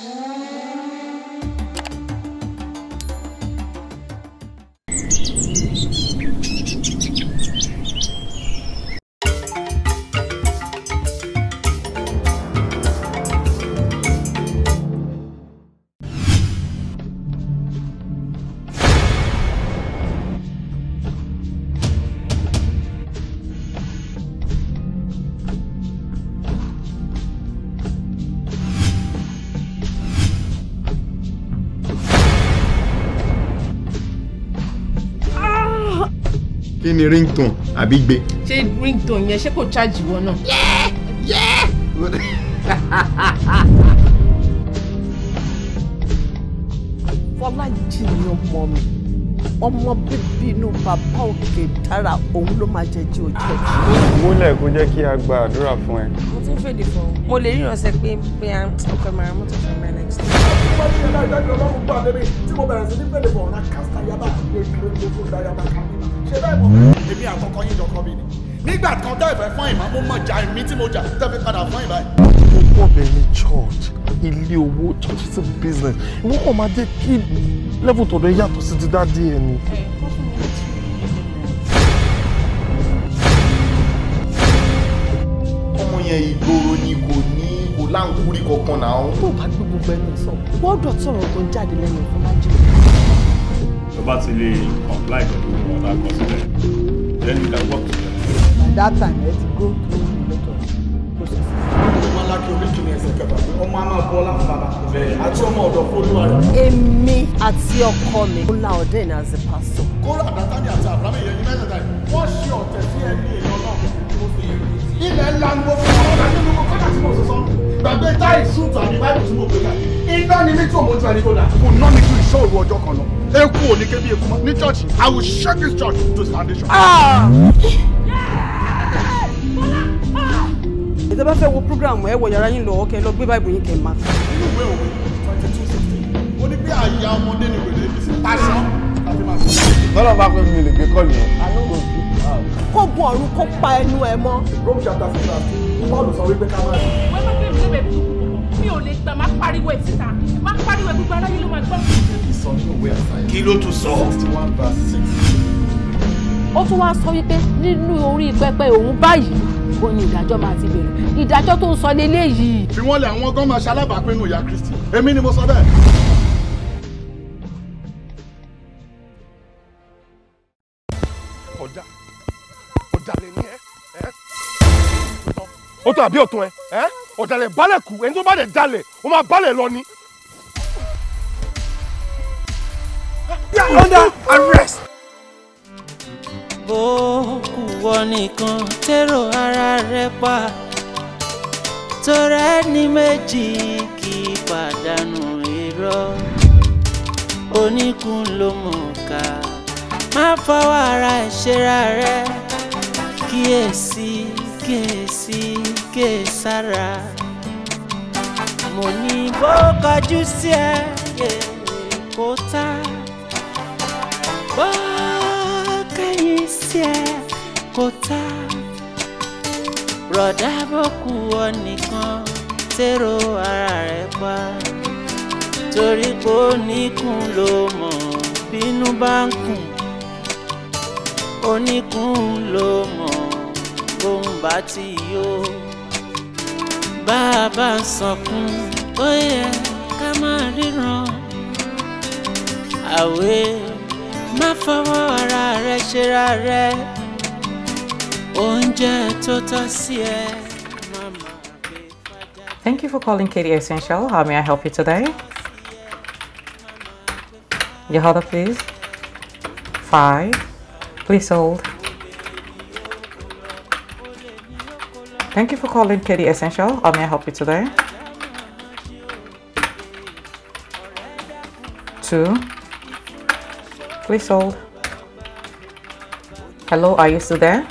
Thank you. ni ringtone àbí gbé. ṣé ringtone yẹn ṣé kò charge wọn náà. yẹ́ yẹ́. Fọlájì ni ọmọ mi ọmọ bíbí inú bàbá òkè dára òun ló máa jẹ jí ojú ẹ. múlẹ̀ kó jẹ́ kí a gba àdúrà fún ẹ. mo ti ń fèdè fún ọ mo lè ríran ṣe pé pé à ọkọ ìmọ̀ràn mọ́tò fún mi next time. bá a ti ṣe láì dájú tí mo bẹ̀rẹ̀ sí ní fèdè fún ọ̀rá kásítà yaba àti èkìrè lóṣù dáyàbá kan ṣe bẹ́ẹ̀ mọ̀ èmi àkọ́kọ́ yín jọkọ mi ni nígbà kan tẹ́ fún ìmọ̀ mo mọ̀ jà èmi tí mo jà tẹ́ padà fún ìbáyìí. owó ọbẹ̀ ni church ilé owó church is a business ìwọ kàn máa jẹ́ kí level tọ̀dọ̀ yàtọ̀ sí ti díẹ̀ ni. ọmọ yẹn ìgboro ni kò ní kò láǹkúrí kankan náà. tó o bá gbé gbogbo ẹnu sọ wọ́ọ̀dọ̀ tọ̀rọ̀ tó ń jáde lẹ́nu ìfọlájú tó bá ti lè comply pẹ̀lú ọ̀dà àkọsílẹ̀ then you can work together. by that time ẹ ti go through the later process. ọmọ aláki oríṣi ní ẹsẹ̀ kẹfà pé ọmọ a máa bọ́ láfún bàbá àti ọmọ ọ̀dọ̀ fọlúwa rẹ̀. èmi àti ọkọ mi kó la ọ̀dẹ́ ní as a pastor. kóra àdátánì àti àbúrámì yẹn ní mẹ́tẹ̀ẹ̀ta yìí wọ́n ṣe ọ̀tẹ̀ sí ẹni èèyàn náà tó fi ilẹ̀ ńlá ń gbọ́ fún ọ̀rọ̀ nínú kọ́kọ́ láti mọ̀ sọ́sọ́ gbàgbé táì sùn tàbí báyìí tó mọ̀ pé ká iná ni mí tí òmò ju ẹni tó dà kò ná mi ju ìṣọ́ òru ọjọ́ kan lọ eku ò ní eku mọ́ ní church I will shake this church to its foundation. ìjọba ah! bá fẹ́ wo program ẹ wọ yàrá yín lọ ọkẹ lọ gbé báìbù yín kẹ máa. inú ìwé òwe twenty two sixteen ó ní pé àyà ọmọdé ni wèrè ibi sí pásán àti màá. tọ́lọ̀ bá pẹ́ mi lè gbé kọ́ọ̀lù yẹn. kó gun ọ̀run kó pa ẹnu ẹ̀ mọ́. Rome chapter six verse two Paul sọ wípé ká máa rí ò lè gbà má pariwo ẹ̀ síta má pariwo ẹ̀ gbogbo aráyé ló máa gbọ́. kí ló tún sọ. ó tún wáá sọ wípé nínú orí pẹpẹ òun báyìí ó ní ìdájọ́ máa ti bẹ̀rẹ̀ ìdájọ́ tó ń sọ lélẹ́yìí. fi wọ́n lé àwọn gan máa ìyá Kristi èmi ni mo sọ bẹ́ẹ̀. sọ́tún àbí ọ̀tún ẹ ọ̀dàlẹ̀ balẹ̀ kù ẹni tó bá dẹ̀ jalè ó máa balẹ̀ lọ ni. arrest. bó kù wọ nìkan tèrò ara rẹ pa torẹ́ ní méjì kì pàdánù irọ́ oníkun ló mọ̀ ká má fọwọ́ ara ẹ̀ rẹ kíyèsí kíyèsí kéésàrà mo ní bó kọjú sí ẹ kó tá bó kẹ́yìn sí ẹ kó tá rọ̀dá bó kú ọ nìkan tèrò ara rẹ̀ pa torí kò níkun ló mọ̀ bínú bá ń kùn oníkun ló mọ̀. yó sọkún ká ríran àwé má fọwọ́ ara rẹ sí ẹ. Thank you for calling Katie Essential. How may I help you today? Your order, please. Five. Please hold. Thank you for calling Katie Essential. How may I help you today? Two. Please hold. Hello, are you still there?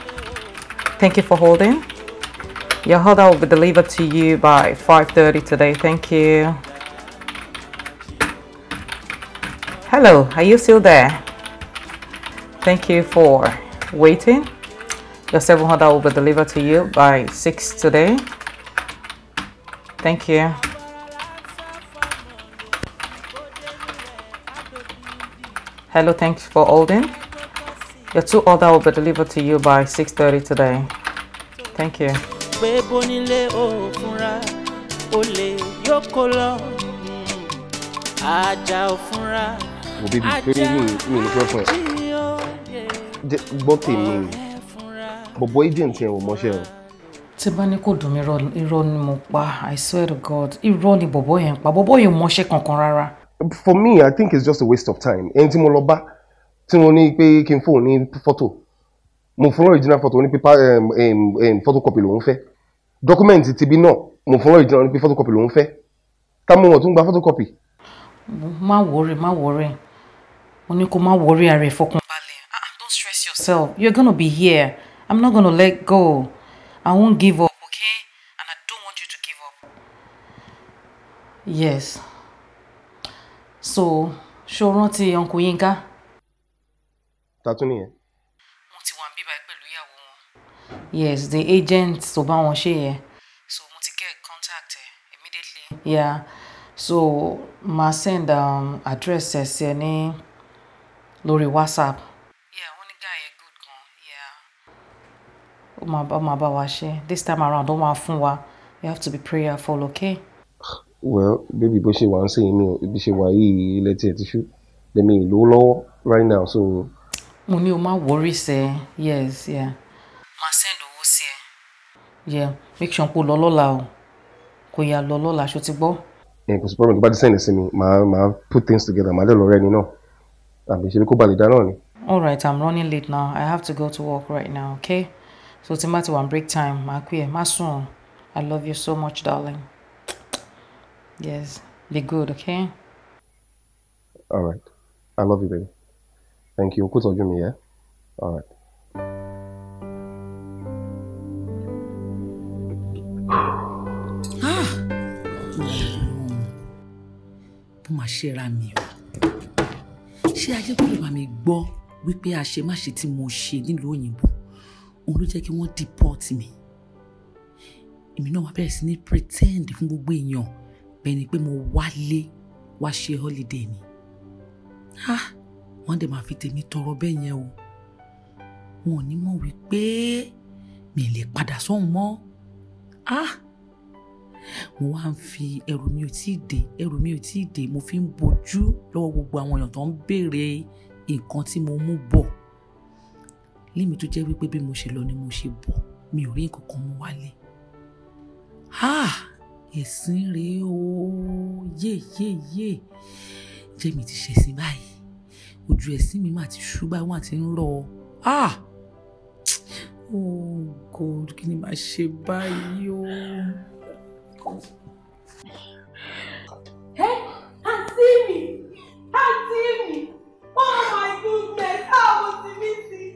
Thank you for holding. Your order will be delivered to you by 5.30 today. Thank you. Hello, are you still there? Thank you for waiting. Your 700 will be delivered to you by 6 today. Thank you. Hello, thanks for holding. Your two order will be delivered to you by 6.30 today. Thank you. Will be the the The, both in me. bọ̀bọ̀ agent yẹn ò mọṣẹ́ o. tí bá ní kò dùn mí irọ́ ni mo pa i swear to god irọ́ ni bọ̀bọ̀ yẹn pa bọ̀bọ̀ yẹn ò kankan rárá. for me i think it's just a waste of time ẹni tí mo lọ bá tí mo ní pé kí n fóun ní fọ́tò mo fún original photo ní pípa photocopy lòún fẹ́ document ti bí náà mo fún original ní pípa photocopy lòún fẹ́ táwọn ọ̀tún gba photocopy. má wọrí má wọrí mo ní kó má wọrí ara ẹ̀ fọkàn balẹ̀ ah don't stress yourself you're gonna be here I'm not gonna let go. I won't give up, okay? And I don't want you to give up. Yes. So, ṣó rántí Uncle Yinka? Ta tún nìyẹn? Mo ti Yes, the agent tó bá wọn share. So mo ti get contact ẹ immediately. Yeah. So my send um, address ẹ any. Lori WhatsApp. ó máa bá ó máa bá this time around ó máa fún wa you have to be prayerful okay. well baby but she wants to sèyí mi ò bí ṣe wà yìí ilé tí ẹ ti ṣú right now so. mo ní o má worry sẹ yes yeah. My send owó sí yeah make sure you lọ lọ́la o kò yà lọ lọ́la ṣó ti gbọ́. ẹ kò sí problem tó bá ti send sí mi my, put things together My little already rẹ́ I'm náà àbí ṣe kó balẹ̀ dá náà all right i'm running late now i have to go to work right now okay so tí n ti wà break time máa pè ẹ́ má sùn I love you so much darling yes be good okay. all right I love you baby thank you kó tọ́jú mi yẹ all right. bó ah! máa ṣe ra mi o ṣé ayé kò lè bá mi gbọ́ wípé a ṣe má ṣe tí mo ṣe nílùú òyìnbó òun ló jẹ́ kí wọ́n deport mi èmi náà wá bẹ̀rẹ̀ sí ní pretend fún gbogbo èèyàn bẹ́ẹ̀ pé mo wálé wá ṣe holiday ni ah wọ́n dẹ̀ máa fi tèmi tọrọ bẹ́ẹ̀ yẹn o wọn ò ní mọ̀ wípé mi lè padà sóhun mọ́ ah mo wá ń fi ẹrù mi ò tíì dé ẹrù mi ò tíì dé mo fi ń bojú lọ́wọ́ gbogbo àwọn èèyàn tó ń béèrè nǹkan tí mo mú bọ̀ lémi tó jẹ́ wípé bí mo ṣe lọ ni mo ṣe bọ̀ mi ò rí nǹkan kan mú wálé. Ah! ẹ̀sìn rèé o yéyéyé jẹ́mi ti ṣẹ̀sìn báyìí ojú ẹ̀sìn mi mà ti ṣú báyìí wọ́n àti ń rọ̀ ọ́. Ah! Oh God, kí ni màá ṣe báyìí o? Ẹ́ àǹtí mi, àǹtí mi, oh my goodness, how was the meeting?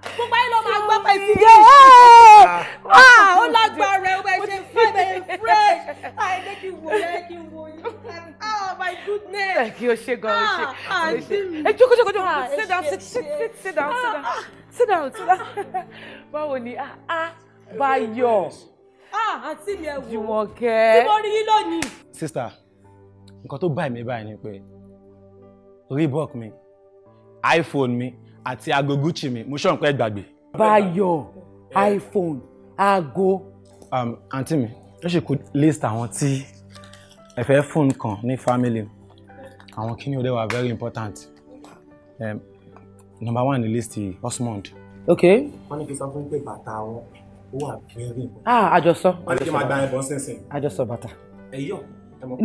gbogbo ayé ló máa gbọ́ pé sí yé ah ó ah! lágbára ẹ ó bẹ ṣe fresh ah, ẹ fresh ayé jẹ́ kí n wò yẹ kí n wò yí oh ah, my goodness. ẹ kí o ṣe gan o ṣe ẹ jókòó jókòó jókòó sit down sit sit sit down sit down sit down sit down báwo ni ah ah Báyọ̀ ah àǹtí mi ẹ wò Jùmọ̀kẹ́ tí mo rí yín lónìí. sista nǹkan tó bá ẹ̀mí báyìí ni pé Reebok mi iPhone mi àti aago Gucci mi mo ṣọ́n pẹ́ gbàgbé. Báyọ̀ iPhone aago. Um, àǹtí mi ó sì kó list àwọn tí ẹ fẹ́ fóònù kan ní family àwọn kíní ó dẹ̀ wà very important um, number one ní list yìí Osmond. ok. wọ́n ní kí sọ fún pé bàtà wọn ó wà very important. ah àjọsọ àjọsọ àjọsọ bàtà. ẹ̀yọ́.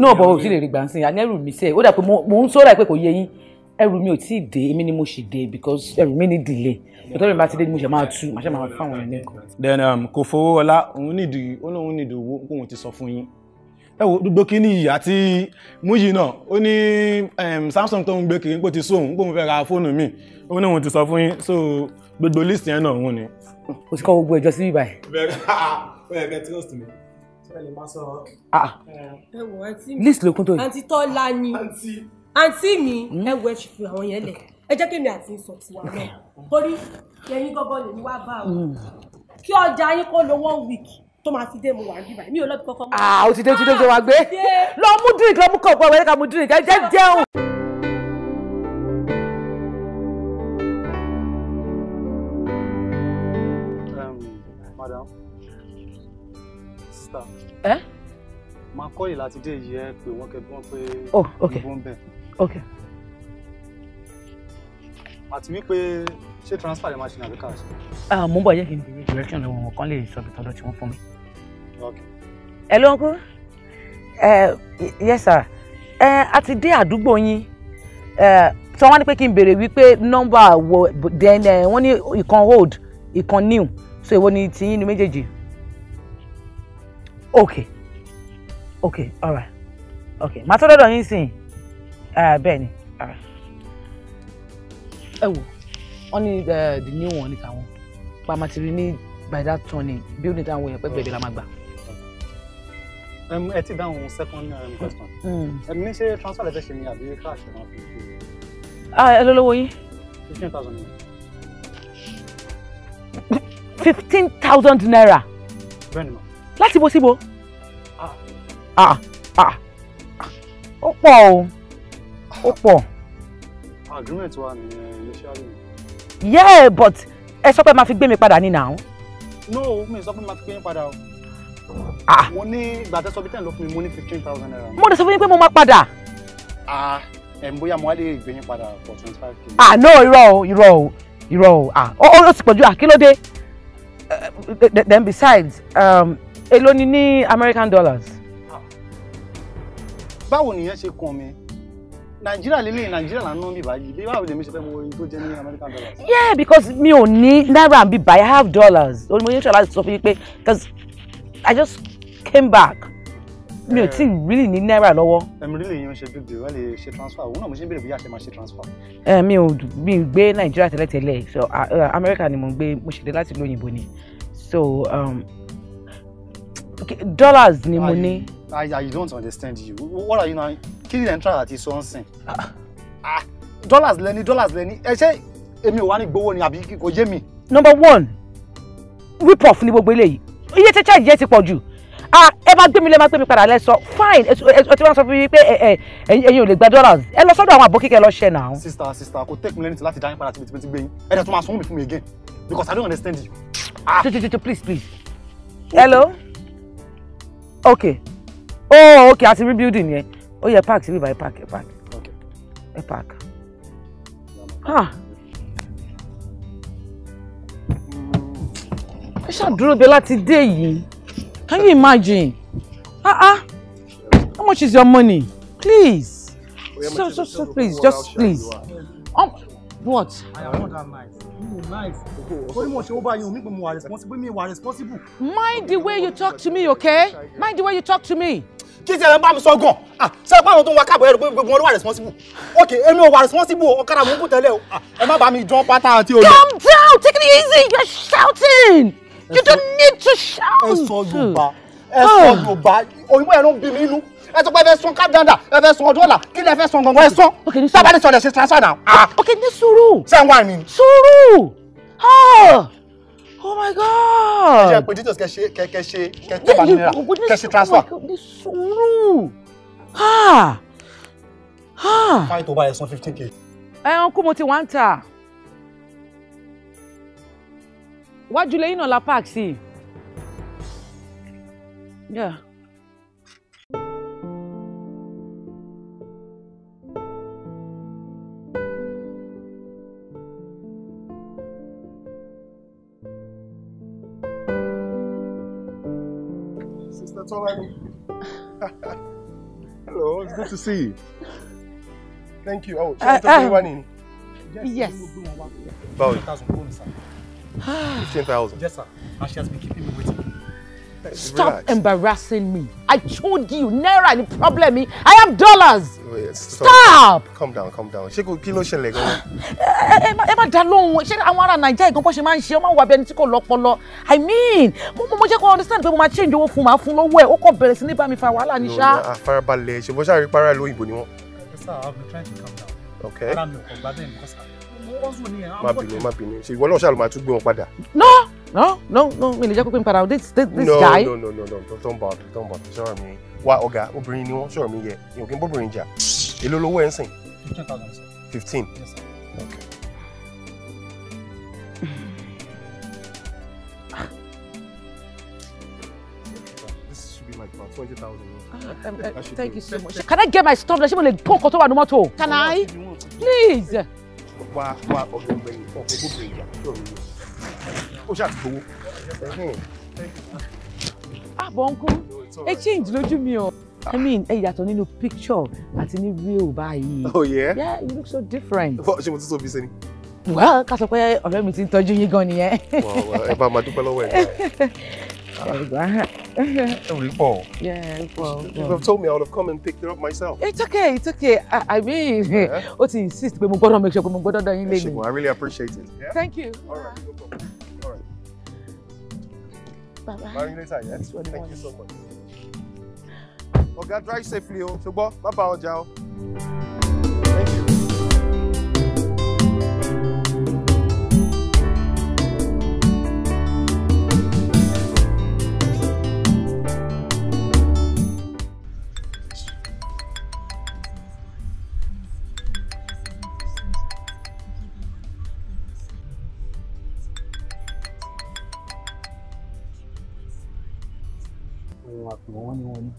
náà bọ̀ òsì lè rí gbàǹsìn ànẹ́rù mi sẹ́ẹ̀ ó dà pé mo ń sọ́ra ẹ̀ pé kò yẹ yín ẹrù mi ò tí ì dé èmi ni mo ṣì dé because ẹrù mi ní delay nítorí mi bá ti dé ni mo ṣe máa tú màṣẹ máa fáwọn ẹni then um, kò fowó ọlá òun nídìí ó lóun nídìí owó kóun ti sọ fún yín ẹ wo gbogbo kínní yìí àti múyì náà ó ní um, Samsung tó ń gbé kiri pé ó ti sóhun pé òun fẹ́ ra fóònù mi ó ní òun ti sọ fún yín so gbogbo list yẹn náà òun ni. o ti kọ́ gbogbo ẹjọ́ sí bíbá ẹ̀. bẹ́ẹ̀ ah, ah. list lókun tó yìí àǹtí mi hmm? ẹ wọ ẹ ṣì fi àwọn yẹn lẹ ẹ jẹ́ kí mi àti sọ tiwa náà torí ẹ̀yin gọgọ lèmi wá bá o hmm. kí ọjà yín kó lọ one week tó máa fi dé mo wà níbà mi ò lọ́bi kọ́kọ́. ah o ti dé o ti dé o ti wá gbé ah, lọ mú drink lọ mú kọ̀ọ̀kan wẹ̀rẹ̀ ká mú drink ẹ jẹ́ jẹun. Um, madam star. ẹ. Eh? máa kọ́ yìí láti dé yìí ẹ pé wọ́n kẹ́ bí wọ́n pé oh, ìbọn bẹ́ẹ̀ ok. àti wípé ṣé transfer lè máa ṣe ní àbíká ṣe. Ah, mo ń bọ̀ yẹ́ kí n bèrè direction lọ́wọ́ wọn kan lè sọ ibi tọ́lọ́ tí wọ́n fún mi. ok. ẹ ló ń kú yes sir eh, a ti dé àdúgbò yín eh, sọ wọn ni pé kí n bèrè wípé nọ́mbà wọ then eh, wọ́n ní ìkan old ìkan new so èwo ni tiyín ni méjèèjì ok ok alright ok màá tó dọ́dọ̀ yín sìn. Ah, bẹ́ẹ̀ ni ah. ẹ wò wọ́n ní eh, the new one ní tàwọn pa matiri ní by that turning bí ó ní tàwọn yẹn pẹ́pẹ́ ìbílẹ̀ máa gbà. Um, ẹ ti dáhùn second um, mm. question mm. ẹ̀mí ní ṣe transfer lẹ́fẹ̀ẹ́ ṣe ni àbí cash ẹ̀ máa fi ṣe. Ah, ẹ ló yín. fifteen thousand naira. fifteen thousand naira. bẹ́ẹ̀ ni ma. láti bo síbo. ó pọ̀ o ó pọ̀. agreement wa ni eh, initially. yeah but ẹ sọ pé máa fi gbé mi padà ní nàá. no mi sọ pé máa fi gbé mi padà o. ah mo ní ìgbà tẹ́sọ̀ bí ten ló fún mi mo ní fifteen thousand naira. mo ní sọ fún yín pé mo máa padà. ah ẹ̀ ń bóyá mo wá lè gbé yín padà for twenty five k. ah no irọ́ o irọ́ o irọ́ o ah ó ti pọ̀jù àkílódé ah, eh, then besides um, èló ni ní American dollars. Ah. báwo nìyẹn ṣe kàn mí nàìjíríà lélẹ̀ nàìjíríà là ń ná bíbá yìí bí báwo lèmi ṣe fẹ́ mọ oyin tó jẹ́ ní american dollars. yeah because mi ò ní náírà ń bíbá i have dollars mo yẹ sọ láti sọ fún yín pé because i just came back mi ò eh. tí ì really ní náírà lọ́wọ́. ẹ̀mi really yẹn ṣe bíbí wọ́n lè ṣe transfer òun náà mo ṣe ń bèrè bóyá ṣe máa ṣe transfer. ẹ eh, mi ò mi ò gbé nàìjíríà tẹ́lẹ̀tẹ́lẹ̀ so uh, america ni mo gbé mo ṣètò láti lóyìnbó ni so um, okay, dollars ni mo ní. I, I don't understand you. What are you now? kí ni ẹ̀ ń try àti sọ́nsìn ah. ah, dollars leni, dollars leni. ẹ ṣé èmi ò wá ní gbowó ni àbí kò yé mi. number one rip off ni gbogbo eléyìí iye tí charge yẹn ti pọ̀ jù ah, ẹ máa gbé mi lẹ́ máa gbé mi padà lẹ́sọ fine ẹ ti wá sọ fún mi pé ẹ̀yin ò lè gba dollars ẹ lọ sọ́dọ̀ àwọn àbókí kẹ́ lọ ṣẹ́ náà. sista sista kò take me lẹ́ni tí láti dá yín padà tìbítìbí ti gbé yín ẹ̀dá tó máa sanwó mi fún mi again because i don't understand you. Ah. tututu please please hello okay oh okay àti rebuilding yẹn ó yẹ park síbí báyìí park ẹ park ẹ park. Ah. ẹ ṣàdúró bẹ láti dé yìí can you imagine ah ah how much is your money please so so so please just please um, what. Mind the way you talk to me, okay? Mind the way you talk to me kí ẹ̀rọ bá mi sọ gan ah àwọn tó ń wa káàbọ̀ ẹ̀rọ gbogbo wọn ló wà responsible ok èmi ò wà responsible ọ̀kadà mò ń kú tẹ́lẹ̀ o ah, ẹ má bàa mi jọ pátá àti olè. calm down take it easy you are shouting you don't need to shout. ẹ sọ yorùbá ẹ sọ ah. yorùbá òyìnbó ẹ̀rọ ń bí mi inú ẹ sọ pé ẹ fẹ́ sọ kádàndà ẹ fẹ́ sọ dọ́là kí ni ẹ fẹ́ sọ gangan ẹ sọ tábàdì sọ̀rọ̀ ẹ ṣe transfer now. Ah. ok ní sùúrù. sẹ́wọ̀n mi. sùúrù oh my god. ẹ jẹ́ pé details kẹ́ ṣe kẹ́ ṣe kẹ́ tẹ́ bá mi nira kẹ́ ṣe transfer. ní sùúrù ha ha. fáyìn tó bá yẹ san fifteen k. ẹ ọ̀nkú mo ti wá ń tà wájú lẹ́yìn náà la park sí. Yeah. Hello, it's good to see you. Thank you. Oh, ṣé o wá ní? Yes. Báwo ni? Ah. Fifteen thousand. Yes, sir. And she has been keeping me waiting. Stop Relax. embarrassing me. I told you, Naira the problem mi. I have dollars. Oh, yes. Stop. Calm down, calm down. Ṣé kò kí ló ṣẹlẹ̀ Emma, eh, eh, an Ẹ má dá lóhùn. Ṣé àwọn ará Nàìjíríà ìgbọ́n ṣe máa ń We ọmọ àwọn abẹni lock, kò lock. I mean, mo mo mo go understand pé mo change owó fún màá fún lọ́wọ́ ẹ̀. Ó kàn bẹ̀rẹ̀ sí ní bá mi fa wàhálà ní ṣá. Àfarabalẹ̀ ah, ṣe bó ṣàrí para lóyìnbó Sir, I've been trying to calm down. Okay. I'm not ò kàn gbá bẹ́ẹ̀ ni kọ́sà. Má bínú, má bínú. Ṣé ìwọ náà ṣàlùmọ́ àtúgbò wọn padà? No. No, no, no, mi lè jẹ́ pé n padà this this this no, guy. No, no, no, no, no, don't bother, don't bother, sọ̀rọ̀ mi. Wá ọ̀gá obìnrin ni wọ́n sọ̀rọ̀ mi yẹ, èèyàn kì í bóbìnrin jà. Èló lówó ẹ̀ ń sìn? Fifteen thousand. Fifteen? Yes sir. Okay. twenty thousand. Ah, um, uh, thank you so much. Can I get my stuff? Ṣé mo lè pọ́n kọ́tọ́ wà ní mọ́tò? Can I? Please. Wá wá ọ̀gbìn ọ̀gbìn ọ̀gbìn ìjà sọ̀rọ̀ mi ó ṣàtìgbówó. àbọ̀ ah, ńkú ẹ change lójú mi o. I mean, ẹ yàtọ̀ nínú picture àti ní real báyìí. Oh yeah? Yeah, you look so different. Ṣé mo tún tóbi sí ni? Well, ká sọ pé ọ̀rẹ́ mi ti ń tọ́jú yín gan nìyẹn. Ẹ bá máa dúpẹ́ lọ́wọ́ ẹ̀. Every fall. Yeah, every You have told me I would have come and picked it up myself. It's okay, it's okay. I, I mean, yeah. ó ti insist pé mo gbọ́dọ̀ make sure pé mo gbọ́dọ̀ dán yín lé ni. I really appreciate it. Yeah? Thank you. All right, no Baba. Marry Thank you so much. Okay, drive safely o. Oh. Ṣùgbọ́n, Bye, bye. ọjà o. Oh.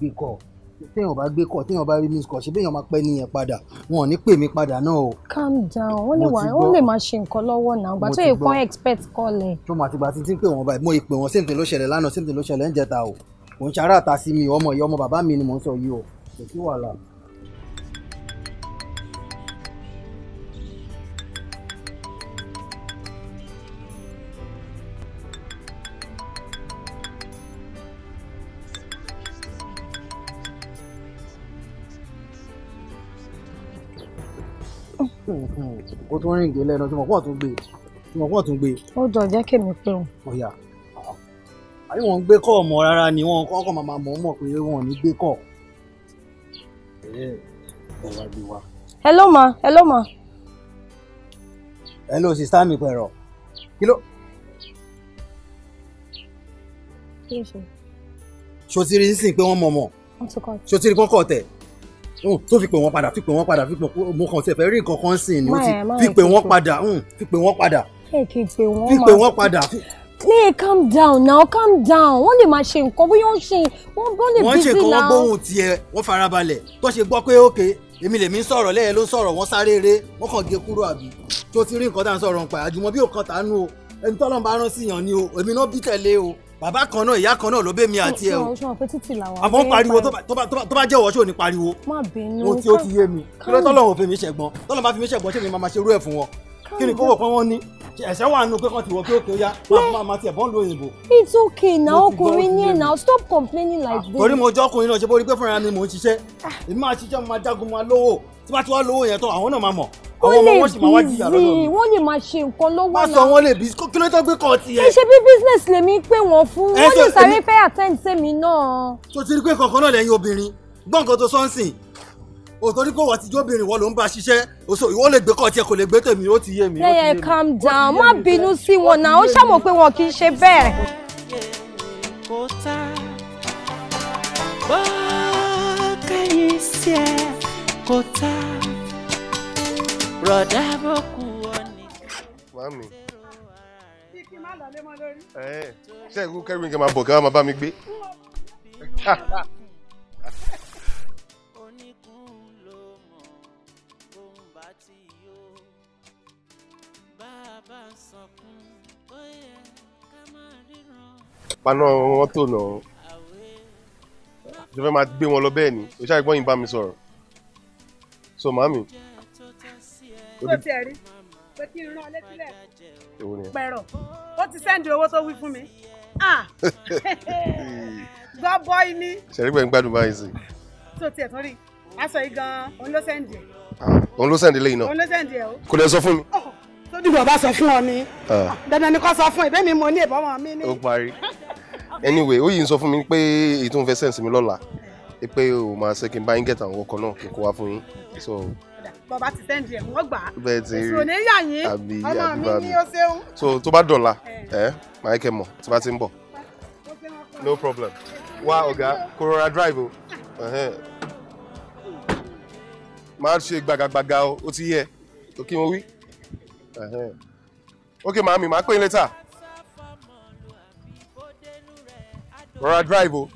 gbé kọ téèyàn bá gbé kọ téèyàn bá rí miss kọ ṣe béèyàn máa pẹ́ nìyẹn padà wọn ò ní pè mí padà náà o. calm down wọ́n lè wà wọ́n lè máa ṣe nǹkan lọ́wọ́ náà gbà tó èèkàn expert kọ́lẹ̀. tó màá ti gbà títí pé wọn báyìí mo ìpè wọn sèǹtì ló ṣẹlẹ̀ lánàá sèǹtì ló ṣẹlẹ̀ ń jẹta o òun ṣe aráàta sí mi ọmọ ìyá ọmọ bàbá mi ni mò ń sọ yìí o kò sí wàhálà. o tún ríǹgì lẹ́nu tí mo pọ̀ tún gbé tí mo pọ̀ tún gbé. ó jọ jẹ́ kèmí pé òun. ọ̀yà àbí wọn ń gbé kọ́ ọmọ rárá ni wọn kọ́kọ́ máa mọ̀ ọ́ mọ̀ pé wọn ò ní gbé kọ́. hello ma hello ma. hello sista mi pẹ̀rọ kí ló. ṣòtìrì ń sìn pé wọ́n mọ̀ mọ̀ ṣòtìrì kọ́kọ́ tẹ̀ tó fi pè wọ́n padà fi pè wọ́n padà fi pè mo kàn sí ẹ̀fẹ́ rí nǹkan kan sìn ni ó ti fi pè wọ́n padà fi pè wọ́n padà fi pè wọ́n padà. Clay calm down now calm down wọ́n lè máa ṣe nǹkan bóyá wọ́n ṣe wọ́n bọ́ lè bísí náà. wọ́n ṣe kọ́ wọ́n gbóhùn tiẹ̀ wọ́n farabalẹ̀ tó ṣe gbọ́ pé ókè èmi lèmi ń sọ̀rọ̀ lẹ́yìn ló ń sọ̀rọ̀ wọ́n sáré eré wọ́n kàn gé kúrò àbí tó ti rí nǹkan tá à ń sọ̀rọ̀ ń pa àjùmọ̀ bí òkan tánú o ẹni tọ́lọ́mọba rán síyàn ni o èmi náà bí tẹ̀lé o bàbá kan náà ìyá kan náà ló bẹ́ mi àti ẹ o àmọ́ pariwo tó bá jẹ́ ìwọ́ṣọ́ ò ní pariwo mo ti ó ti yé mi kí ló tọ́lọ́run ò fi mi ṣẹ̀gbọ́n tọ́lọ́run bá fi mi ṣẹ̀gbọ́n ṣé mi máa ma ṣe irú ẹ̀ fún wọn kí kó wò pé wọ́n ní ẹ̀ṣẹ̀ wà nù pé kàn ti wọ pé òkè ó yá máa máa tiẹ̀ bọ́ọ̀lù òyìnbó. it's okay na ọkùnrin ní ẹ̀ na stop complaining like this. torí mo jẹ́ ọkùnrin náà ṣe bó rí pé fúnra mi mò ń ṣiṣẹ́ èmi máa ṣiṣẹ́ mo máa jagun máa lówó tí bá ti wá lówó yẹn tán àwọn náà máa mọ̀ àwọn ọmọ wọn sì máa wá jìyà lọ́dọ̀ mi. wọ́n lè máa ṣe nǹkan lọ́wọ́ náà. pásọ wọn lè bí kí ló tó gbé kọ́ ti yẹ. ṣe bí business lèmi pé wọ́n fún wọ́n lè sáré fẹ́ attend sẹ́mi náà. tó ti rí pé kankan náà lẹ́yìn obìnrin gbọ́ǹkan tó sọ́nsìn òtórí kò wọ́n ti jóbìnrin wọ́n ló ń bá ṣiṣẹ́ oṣù ìwọ lè gbé kọ́ tiẹ̀ kò lè gbé tèmi ó ti yé mi. ẹ calm down má bínú sí wọn náà ó ṣàmọ̀ pé wọn kì í ṣe bẹ́ẹ̀. kò tá bó kú ọ kí n máa bọ̀ kí wọ́n máa bá mi gbé. paná mọ́tò náà ṣe fẹ́ máa gbé wọn lọ bẹ́ẹ̀ ni o ṣáà gbọ́yìn bá mi sọ̀rọ̀ so màámi. kò tiẹ̀ rí pé kí n rán ọ létí rẹ̀ pẹ̀rọ̀ ó ti sẹ́ndì owó tó wí fún mi gbọ́ bọ́ì ni. ṣẹ̀rí pẹ̀ ń gbádùn báyìí sí. tó tiẹ̀ tó rí aṣọ yìí gan-an òun ló sẹ́ndì ẹ̀. Ah, òun ló sẹ́ndì lẹ́yìn náà. òun ló sẹ́ndì ẹ̀ o. kò lè sọ fún mi. Oh! tó dìbò sọ fún ọ ni ah. dandan ni kò sọ fún ìbẹ́ mi mo ní ìbọn mi ní. ó parí anyway ó yìí ń sọ fún mi pé èyí tó ń fẹ́ sẹ́ǹsì mi lọ́la pé o máa ṣe kí n bá yín gẹ̀tà àwọn ọkọ̀ náà kí n kó wá fún yín so. bàbá ti sẹ́ǹdì ẹ̀ wọ́n gbà á èso ní yà ọmọ mi ní o ṣeun. so tó bá dọ̀la ẹ máa kẹ́ mọ̀ tí bá ti ń bọ̀ no problem wá ọ̀gá kó rọra drive o máa ṣe gbàgàgbàgà o ó ti yẹ kí n wí ok màámi màá pè é later rọra drive o.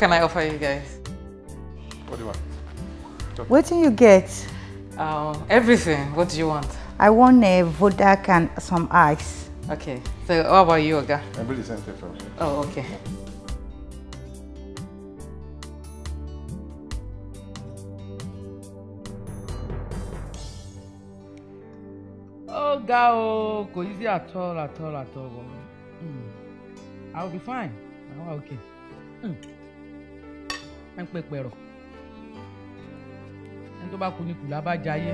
can I offer you guys? What do you want? Talk. What do you get? Um, everything. What do you want? I want a vodak and some ice. Okay. So how about you, Oga? I am the same thing from here. Oh, okay. Oga, oh, go easy at all, at all, at all. Mm. I'll be fine. I'm okay. Mm. ń pẹpẹrọ ẹni tó bá kú ni kùlà bá jayé.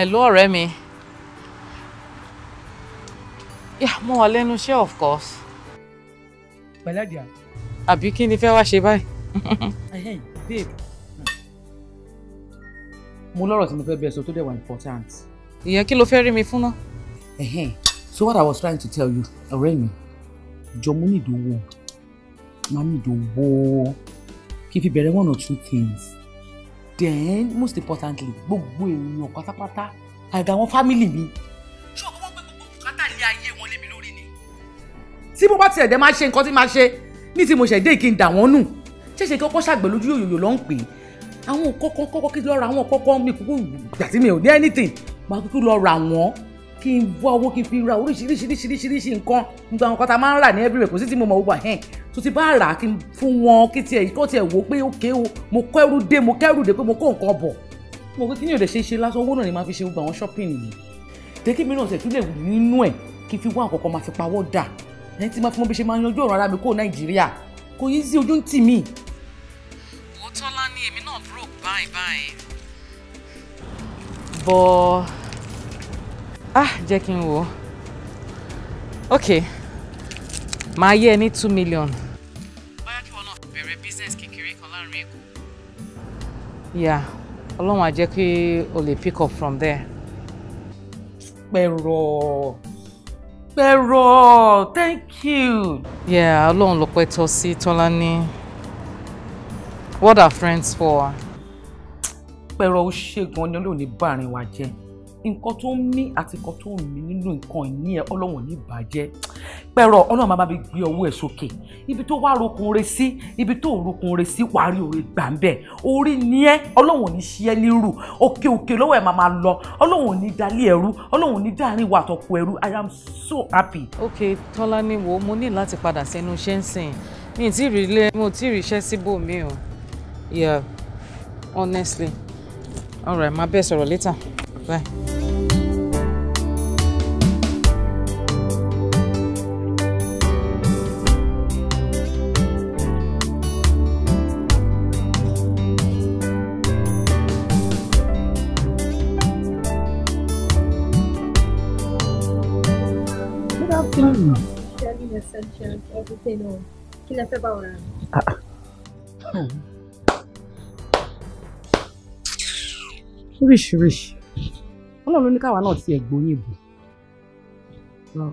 Hello, ọ̀rẹ́ mi. Yà mo wà lẹ́nu iṣẹ́ of course. Pẹ̀lẹ́ díà. Àbí kí ni fẹ́ wá ṣe báyìí? Babe, mo lọ́rọ̀ tí mo fẹ́ bẹ́ẹ̀ sọ tó dẹ̀ important. Yeah, kilo ferry me rí Eh, fún So what I was trying to tell you, Remy, mi, jọ mo ní ìdòwò, máa ní ìdòwò, kí one or two things then most importantly gbogbo èèyàn pátápátá àga wọn fámìlì mi. ṣé ọkọ wọn gbé gbogbo bùkátà lé ayé wọn lé mi lórí ni. tí mo bá tiẹ̀ dẹ́ máa ṣe nǹkan tí máa ṣe ní tí mo ṣẹ̀ dé kí n dà wọ́n nù ṣẹ̀ṣẹ̀ kí ọkọ ṣàgbẹ̀ lójú yòyòyò ló ń pè é àwọn kọ́kọ́ kọ́kọ́ kí lọ́ọ́ ra àwọn kọ́kọ́ mi kúkú gbà tí mi ò ní anything màá kúkú lọ́ọ́ ra wọ́n kí n wá owó kí n fi ra oríṣiríṣiríṣiríṣi nǹkan nígbà nǹkan tá a máa ń rà ní everywhere kò sí tí mo mọ̀ wà hẹ́n tó ti bá rà á kí n fún wọn kí tiẹ̀ kó tiẹ̀ wò pé òkè o mo kẹ́rù dé mo kẹ́rù dé pé mo kó nǹkan bọ̀ mo pé kí ni òde ṣe ṣe lásán owó náà ni màá fi ṣe gbogbo àwọn shopping yìí tèké mi náà ṣe tún lè wù nínú ẹ̀ kí n fi wá àkọ́kọ́ máa fi pawọ́ dà ẹni tí máa fi mọ bí ṣe máa yanjú ọ̀rọ̀ ara mi kó Nàìjíríà kò yí sí ojú ń tì mí. òótọ́ lá ní èmi náà broke báyìí báyìí. bọ́ọ̀ ah jẹ́ kí n wò ó ok màá yẹ ẹ ní two million. bóyá kí wọn náà bẹ̀rẹ̀ business kékeré kan láàrin èkó. yeah ọlọ́run á jẹ́ kí o lè pick up from there. pẹ̀rọ pẹ̀rọ thank you. yeah ọlọ́run ló pẹ́ tọ́ sí Tọ́lání what are friends for. pẹ̀rọ ó ṣe gan-an ni olóòní bá àárín wa jẹ́ nǹkan tó ń mí àti nǹkan tó ń mí nínú nǹkan ìní ẹ ọlọ́run ní bàjẹ́ pẹ̀rọ ọlọ́run máa bí gbé ọwọ́ ẹ̀ sókè ibi tó wá rokun re sí ibi tó rokun re sí wàá rí oore gbà ń bẹ̀ orí ni ẹ ọlọ́run ní ṣí ẹ lérù òkè òkè lọ́wọ́ ẹ̀ máa máa lọ ọlọ́run ní dalí ẹrú ọlọ́run ní dáàrin ìwà àtọkù ẹrú I am so happy. ok tọ́lá ni wo mo ní láti padà sẹ́nu iṣẹ́ ń sìn mi ì tí ì rí ilé mo tí ì rí iṣẹ́ síbòmí o yeah honestly all right my best sọ̀rọ̀ later bye. chance, everything on. Kina sa bawa. Ah. Oríṣiríṣi. Ọlọ́run ló ní káwa náà ti ẹ̀gbọ́n yín bù.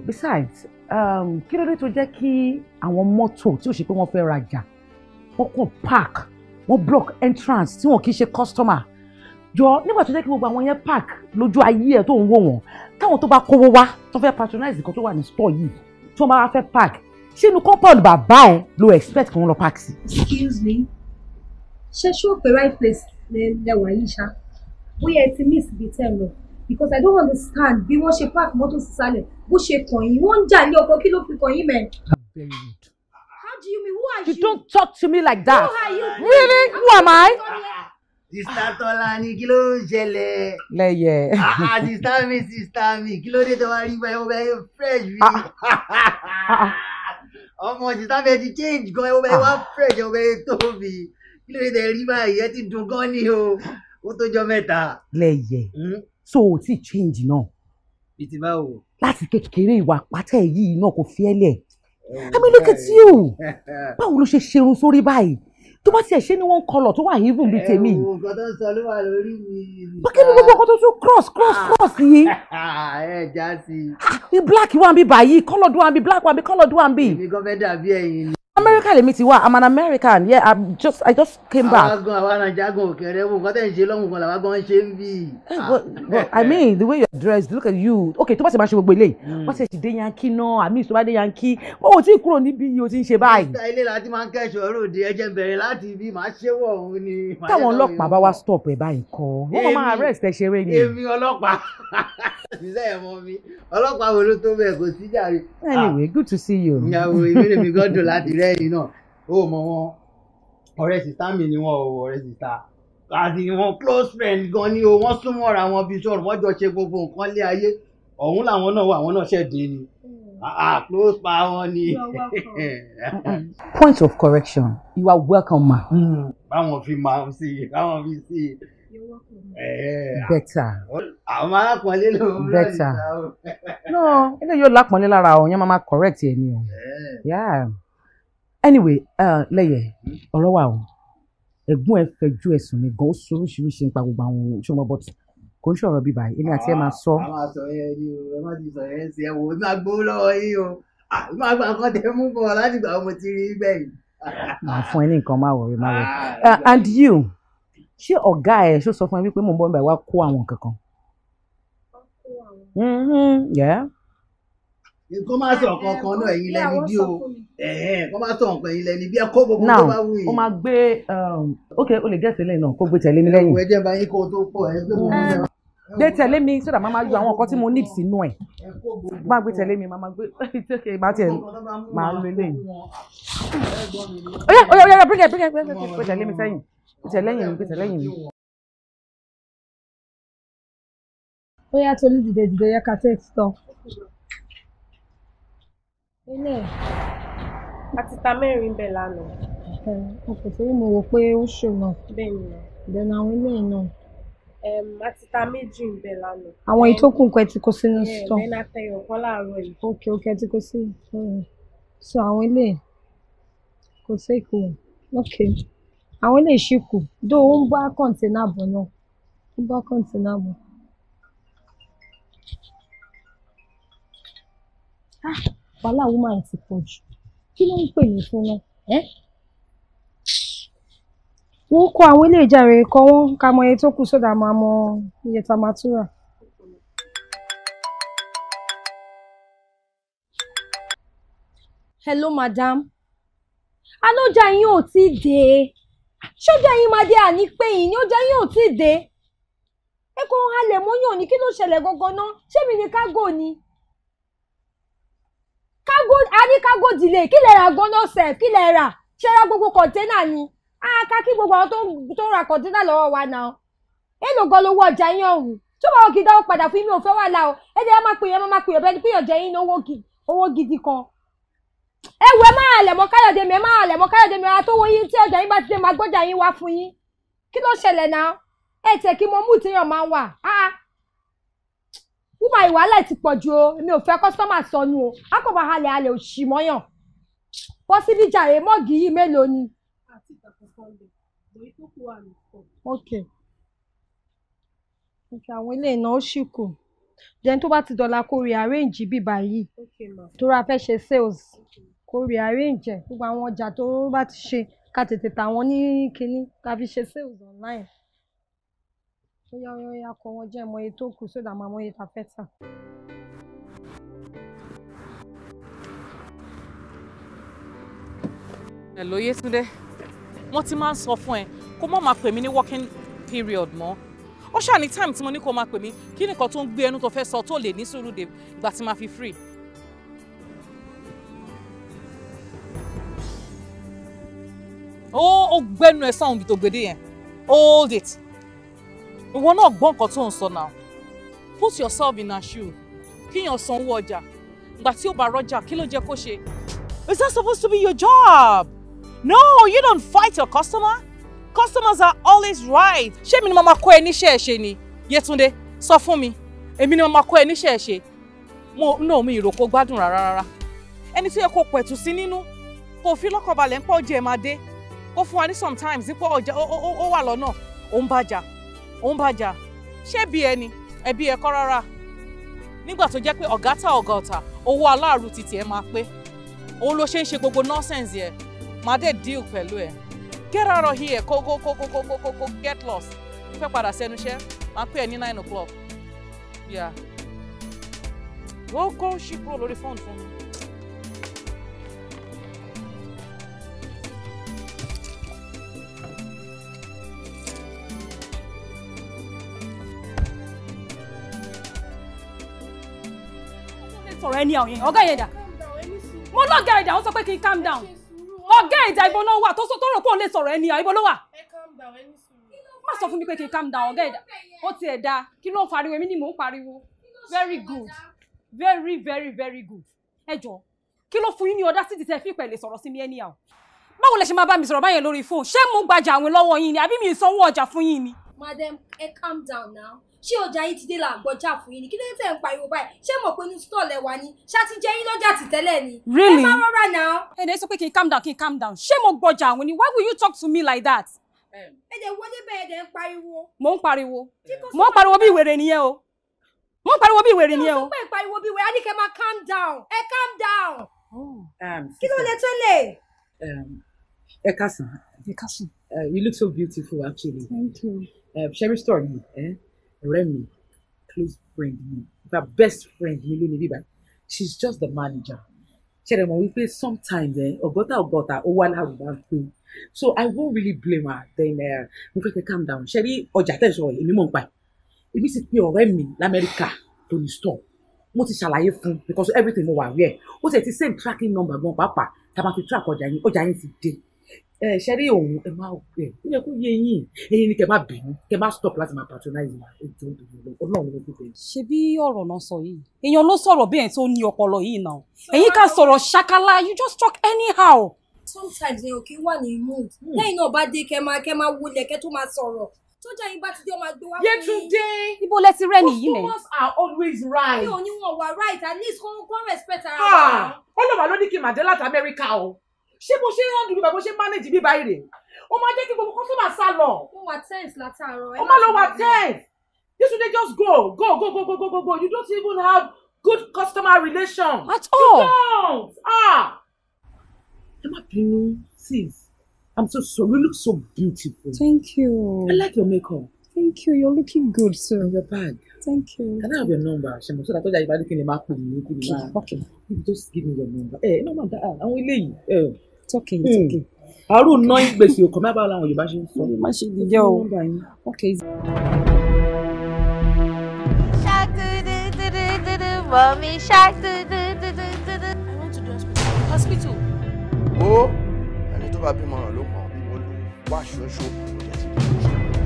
Besides, um, kí ló dé tó jẹ́ kí àwọn mọ́tò tí ò ṣe pé wọ́n fẹ́ rajà, wọ́n kàn park, wọ́n block entrance tí wọ́n kì í ṣe customer jọ nígbà tó jẹ́ kí gbogbo àwọn yẹn park lójú ayé ẹ̀ tó ń wò wọ́n táwọn tó bá kówó wá tó patronize nǹkan tó wà store yìí tí wọ́n bá fẹ́ park ṣé inú compound bàbá ẹ ló expect kí wọ́n lọ park sí. excuse me ṣe ṣó pé right place lẹwà yìí ṣá bóyá ẹ ti miss bíi tẹ́ lọ because i don't understand bí wọ́n ṣe park mọ́tò sísàlẹ̀ bó ṣe kàn yín wọ́n ń jà ní ọkọ̀ kí ló fi kàn yín mẹ́. very rude. how do you mean who are you. you don't talk to me like that. who are you. really who am I sista tọ́lání kí ló ń ṣẹlẹ̀. lẹ́yẹ. Ah, ah, sista mi sista mi kí ló dé tó wá rí bẹ́ẹ̀ bẹ́ẹ̀ fresh mi. Ah, ọmọ sista mi ti change gan ọmọ ẹ wá fresh ọmọ ẹ tóbi kí ló dé tẹ rí báyìí ẹ ti dùn gan ni o ó tó jọ mẹ́ta. lẹ́yẹ hmm? so o ti change náà. bí ti bá wò. láti kékeré ìwà pátá yìí náà kò fi ẹ́ lẹ̀. I mean look at you báwo ló ṣe ṣerun sórí báyìí tó bá tiẹ̀ ṣe ni wọ́n ń kọlọ̀ tó wà even bíi tèmi. ẹ wo nǹkan tó ń sọ ló wà lórí mi. bákẹ́ ni gbogbo nǹkan tó tún cross cross ah. cross yìí. ẹ já sí. black wà ń bí báyìí coloured wà ń bí black wà ń bí coloured wà ń èmi gan fẹ́ dàbí ẹ̀yin ni amẹ́ríkà lèmi ti wá i'm an american yeah i'm just i just came back. àwa gan àwa naija gan òkèrè wò nǹkan tẹ̀ ń ṣe lọ́hùn gan làwa gan ṣe ń bì. Eh, ah. i mean the way you are dressed look at you okay tó bá ti máa ṣe gbogbo eléyìí wọ́n hmm. ti ṣe dé yankí náà àmì ìṣòwò adé Yankee. wọ́n ò tí ì kúrò níbí yìí o ti ń ṣe báyìí. mr ilé láti máa ń kẹ́sọ̀ ọ́ lòdì ẹ̀jẹ̀ bẹ̀rẹ̀ láti ibi màá ṣe wọ̀ òun ni. táwọn ọlọ́pàá bá wá stop ẹ̀ báyìí kọ́ wọ́n máa arrest ẹ̀ ṣeré ni. anyway ah. good to see you. ìyàwó ìbéèrè mi gọ́dọ̀ láti rẹ lẹ́yìn náà ó mọ wọn ọ̀rẹ́ sìta mi ni wọn ò ọ̀rẹ́ sìta àti wọn close friend gan ni o wọ́n súnmọ́ ra wọn bíi sọ̀rọ̀ wọ́n jọ ṣe gbogbo nǹkan lé ayé ọ̀hún làwọn náà wà àwọn náà ṣẹ̀ dé ni hmm. ah, ah, close pa wọn ni. point of correction you are welcome ma. Hmm. báwọn fi máa ń sí i báwọn fi sí i. Eh, ah. better. àwọn alápọ̀nlé ló ń bẹ̀rẹ̀ ìta o. no eléyìí yóò lápọ̀nlé lára ọ̀yàn máa ma correct ẹ̀ ni o. Eh. yeah anyway lẹ́yẹ̀ ọ̀rọ̀ wà o ẹ̀gbọ́n ẹ fẹjú ẹ̀sùn mi gan ó sọ oríṣiríṣi nípa gbogbo àwọn ìṣọmọ bọ́t kò ń sọ̀rọ̀ bíbá yìí èmi àti ẹ máa sọ. àwọn àṣọ yẹn ni o ẹ má ti sọ yẹn sí ẹ wò ó máa gbó lọ́wọ́ yín o máa gba nǹkan tẹ mú bọ̀ láti gbà ọmọ tí rí bẹ́ẹ̀ yìí. màá fún ẹ ní nǹkan má wọrí má wọrí ah, ah, and you ṣé ọ̀gá ẹ ṣó sọ fún ẹ wípé mò ń bọ̀ nígbà wá kó àwọn kankan. nǹkan mm-hmm, má sọ kankan náà ẹ̀yin lẹ́ni bí o kọ́ máa tàn pẹ̀yìn lẹ́ni bí akọ́ gbogbo tó bá wù yìí. o máa gbé um, ok o lè gẹ̀ẹ́sì lẹ́yìn náà kó gbé tẹ̀lé mi lẹ́yìn. ẹ jẹ́ báyìí kó o tó pọ̀ ẹ gbé mi lẹ́yìn. gbé tẹ̀lé mi sódà máa yọ àwọn nǹkan tí mo níbi sínú ẹ̀ máa gbé tẹ̀lé mi máa gbé tẹ̀lé máa tiẹ̀ máa lo eléyìí. oya oya oya bring it bring it gbé tẹ̀lé mi sẹ́yìn gbé tẹ̀lé yìí dìde dìde yẹ ká tẹ́ ẹ̀ a ti ta mẹ́rin bẹ́ẹ̀ lánàá. ọkọ̀ torí mo wò pé ó ṣòro. bẹ́ẹ̀ ni. ìdẹ́nu àwọn eléyìí náà. a ti ta méjì bẹ́ẹ̀ lánàá. àwọn ìtókù nǹkan ti kó sínú store. bẹ́ẹ̀ náà tẹyọ̀ kọ́ láàárọ̀ yìí. ok ok ti kó sí so àwọn eléyìí kò sékù ok àwọn eléyìí ṣì dó ó ń bá kọ̀ǹtẹ́nà náà ó ń bá kọ̀ǹtẹ́nà ah, wàhálà woman ti pọ̀ jù kí ló ń pè mí fún náà ẹ́ wọ́n kọ àwọn ilé ìjàre kọ́ wọ́n ká mọ iye tó kù sódà máa mọ iye tá a máa túrà. hello madam alójà yín ò tí ì dé ṣọjà yín máa dé àní pé yín ni ọjà yín ò tí ì dé ẹ kò halẹ̀ mọ́yàn ní kí ló ṣẹlẹ̀ gangan náà ṣé mi ni kágò ni. kágó a ní kágó dìlé, kí lè ra gbọ́nà sef kí lè ra ra gbogbo ni a ká kí gbogbo àwọn tó ń ra kọ̀ńténà lọ́wọ́ wa náà èlò gan ọjà yín ọ̀hún tó bá wọn kì í dáwọ́ padà fún mi ò fẹ́ wà láò ẹ jẹ́ pè pè bẹ́ẹ̀ ọjà yín ní owó gidi kan ẹ wo ẹ máa káyọ̀dé mi ẹ máa káyọ̀dé mi wúmà ìwà ti pọ̀ ju o èmi ò fẹ́ kọ́sítọ́mà sọnù o akọ̀bà halẹ̀ halẹ̀ ò sì mọ́yàn bọ́ sí níjà rẹ̀ mọ́ọ̀gì yìí mélòó ni. ok ok àwọn ilé iná ó sì kù jẹun tó bá ti dọ̀la kó rearrange bíbá yìí tó ra fẹ́ ṣe sales kó rearrange gbogbo àwọn ọjà tó bá ti ṣe ká tètè tà wọ́n ní kínní ká fi ṣe sales online ó yá ó yá kọ wọn jẹ́ mọ iye tó kù sódà máa mọ iye tá a fẹ́ tà. Hello Yétúndé wọ́n ti máa ń sọ fún ẹ kó má máa pè mí ní working period mọ́ ó ṣáà ní time tí mo ní kó máa pè mí kí nìkan tó ń gbé ẹnu tó fẹ́ sọ tó lè ní sùúrù dé ìgbà tí máa fi free. ó ó gbẹnu ẹ sáwọn ibi tó gbèdé yẹn hold it ìwọ náà gbọ́ nǹkan tó ń sọ náà put yourself in her shoe kíyàn san owó ọjà ìgbà tí ó bá rọjà kí ló jẹ kó ṣe is that supposed to be your job no you don't fight your customer customers are always right ṣé èmi ni mo máa kọ́ ẹ níṣẹ́ ẹ̀ ṣe ni Yétúndé sọ fún mi èmi ni mo máa kọ́ ẹ níṣẹ́ ẹ̀ ṣe mo náà mi ìrò kó gbádùn rárá rárá ẹni tí yẹ kó pẹ̀tù sí nínú kò fi lọ́kàn balẹ̀ ń pọ̀ ọjà ẹ̀ máa dé ó fún wa ní sometimes nípa ọjà ó wà lọ́nà ó ń bàjá òun bá jà ṣé bí ẹni ẹbí ẹ kọ́ rárá nígbà tó jẹ́ pé ọ̀gá ta ọ̀gá ọ̀tà owó aláàrú ti ẹ máa pé òun ló ṣe é ṣe gbogbo nọ́sẹ̀nsì ẹ máa dé deal pẹ̀lú ẹ get out of here kó kó kó kó kó kó kó get lost fẹ́ padà sẹ́nu iṣẹ́ máa pè ẹ́ ní nine o'clock yeah. wọ́n kó ṣí kúrò lórí fóònù fún mi. sọ̀rọ̀ ẹni àwọn yẹn ọ̀gá yẹn dà mo lọ́gà ẹ̀dà ó sọ pé kí n calm down ọ̀gá ẹ̀dà ìbọn náà wà tó rò pé òun lè sọ̀rọ̀ ẹni àwọn ìbọn ló wà má sọ fún mi pé kí n calm down ọ̀gá ẹ̀dà ó ti ẹ̀dá kí ló ń pariwo èmi ni mò ń pariwo very good very very very good ẹ jọ kí ló fún yín ní ọdá sí ti tẹ fí pẹ̀lẹ́ sọ̀rọ̀ sí mi ẹni àwọn báwo lẹ ṣe máa bá mi sọ̀rọ̀ báyẹn lórí fóònù ṣé mo gbajà àwìn lọ́wọ́ yín ni àbí mi ìsanwó ọjà fún yín ni. madam ẹ calm down now ṣé ọjà yìí ti dé là ń fún yín ni kí ló tẹ̀ ń pariwo báyìí ṣé mọ̀ pé inú stall ẹ̀ wà ni ṣàtijẹ́ yín lọ́jà ti tẹ́lẹ̀ ni. really ẹ má rọra náà. ẹ ẹ sọ pé kí n calm down kí n calm down ṣé mo gbọjà àwọn ni why will you talk to me like that. ẹ jẹ́ wọlé bẹ́ẹ̀ ẹ̀ ń pariwo. mo ń pariwo mo ń pariwo bí wèrè nìyẹn o mo ń pariwo bí wèrè nìyẹn o. mo ń pariwo bí wèrè a ní kẹ́ máa calm down ẹ calm down. kí ló lè tó lè. ẹ kásán. ẹ kásán. Uh, you look so beautiful actually. thank you. ṣẹ́rí ọ̀rẹ́ mi close friend mi her best friend mi ló ní bíbá she's just the manager ṣẹlẹ̀ mọ̀ wípé sometimes eh, ọ̀gọ́ta ọ̀gọ́ta ó wà láwùjọ pé so I won't really blame her then eh, mo fẹ́ kẹ́ calm down ṣe rí ọjà tẹ̀ sọ èmi mọ̀ nípa ẹ̀ èmi sì pe ọ̀rẹ́ mi lamẹ́ríkà tó ní store mo ti ṣàlàyé fún because everything mo wà rí ẹ̀ ó sì ti same tracking number gan pàápàá tá a máa fi track ọjà yín ọjà yín ti dé ẹ ṣe rí òun ẹ máa ẹ ó yẹ kó yé yín ẹ̀yin ni kẹ má bínú kẹ má stop láti máa patronize ma ẹ jọ bínú lọ Ọlọ́run ló bíbẹ. ṣé bí ọ̀rọ̀ náà sọ yìí èèyàn ló sọ̀rọ̀ bí ẹni tó ní ọpọlọ yìí náà ẹ̀yin kà sọ̀rọ̀ ṣakala you just talk anyhow. sometimes èèyàn kì í wà ní mood lẹ́yìn hmm. náà bá dé kẹ́ máa kẹ́ máa wọlé kẹ́ tó máa sọ̀rọ̀ sójà yìí bá ti dé ọmọ agbowó. Yétúndé ibo lẹ ti rẹ nìyí mẹ. customers are always right. mi ò ní wọn wà right at least kó respect ara wa. ọlọ́wà ló ní kí màdé láti Amẹ́ríkà o ṣé bó ṣe handle bíbá bó ṣe manage bíbá ire o máa jẹ́ kí gbogbo customer sá lọ. ó wà tense látàárọ̀. ó máa lọ wà tense this should just go go go go go go go go you don't even have good customer relation. at all you don't ah. ẹ má bínú sis i'm so sorry you look so beautiful. thank you. i like your makeup. thank you you're looking good sir. and your bag. thank you. can i have your number ṣẹ̀mọ̀ sọ́dọ̀ àtọ́jà ìbálòpọ̀ ni màá pè mí kí ni màá. okay okay. just give me your number. ẹ ẹ náà máa dá àwọn eléyìí. Eh it's okay it's okay. àárò ná gbèsè ọkọ mẹ́bàá la Yorùbá ṣe ń sọ. má ṣe dìjọ o okay. shark do do do do do do I want to do hospital. hospital. o ẹni tó bá bímọ ràn ló mọ wá ṣoṣo ló jẹ ti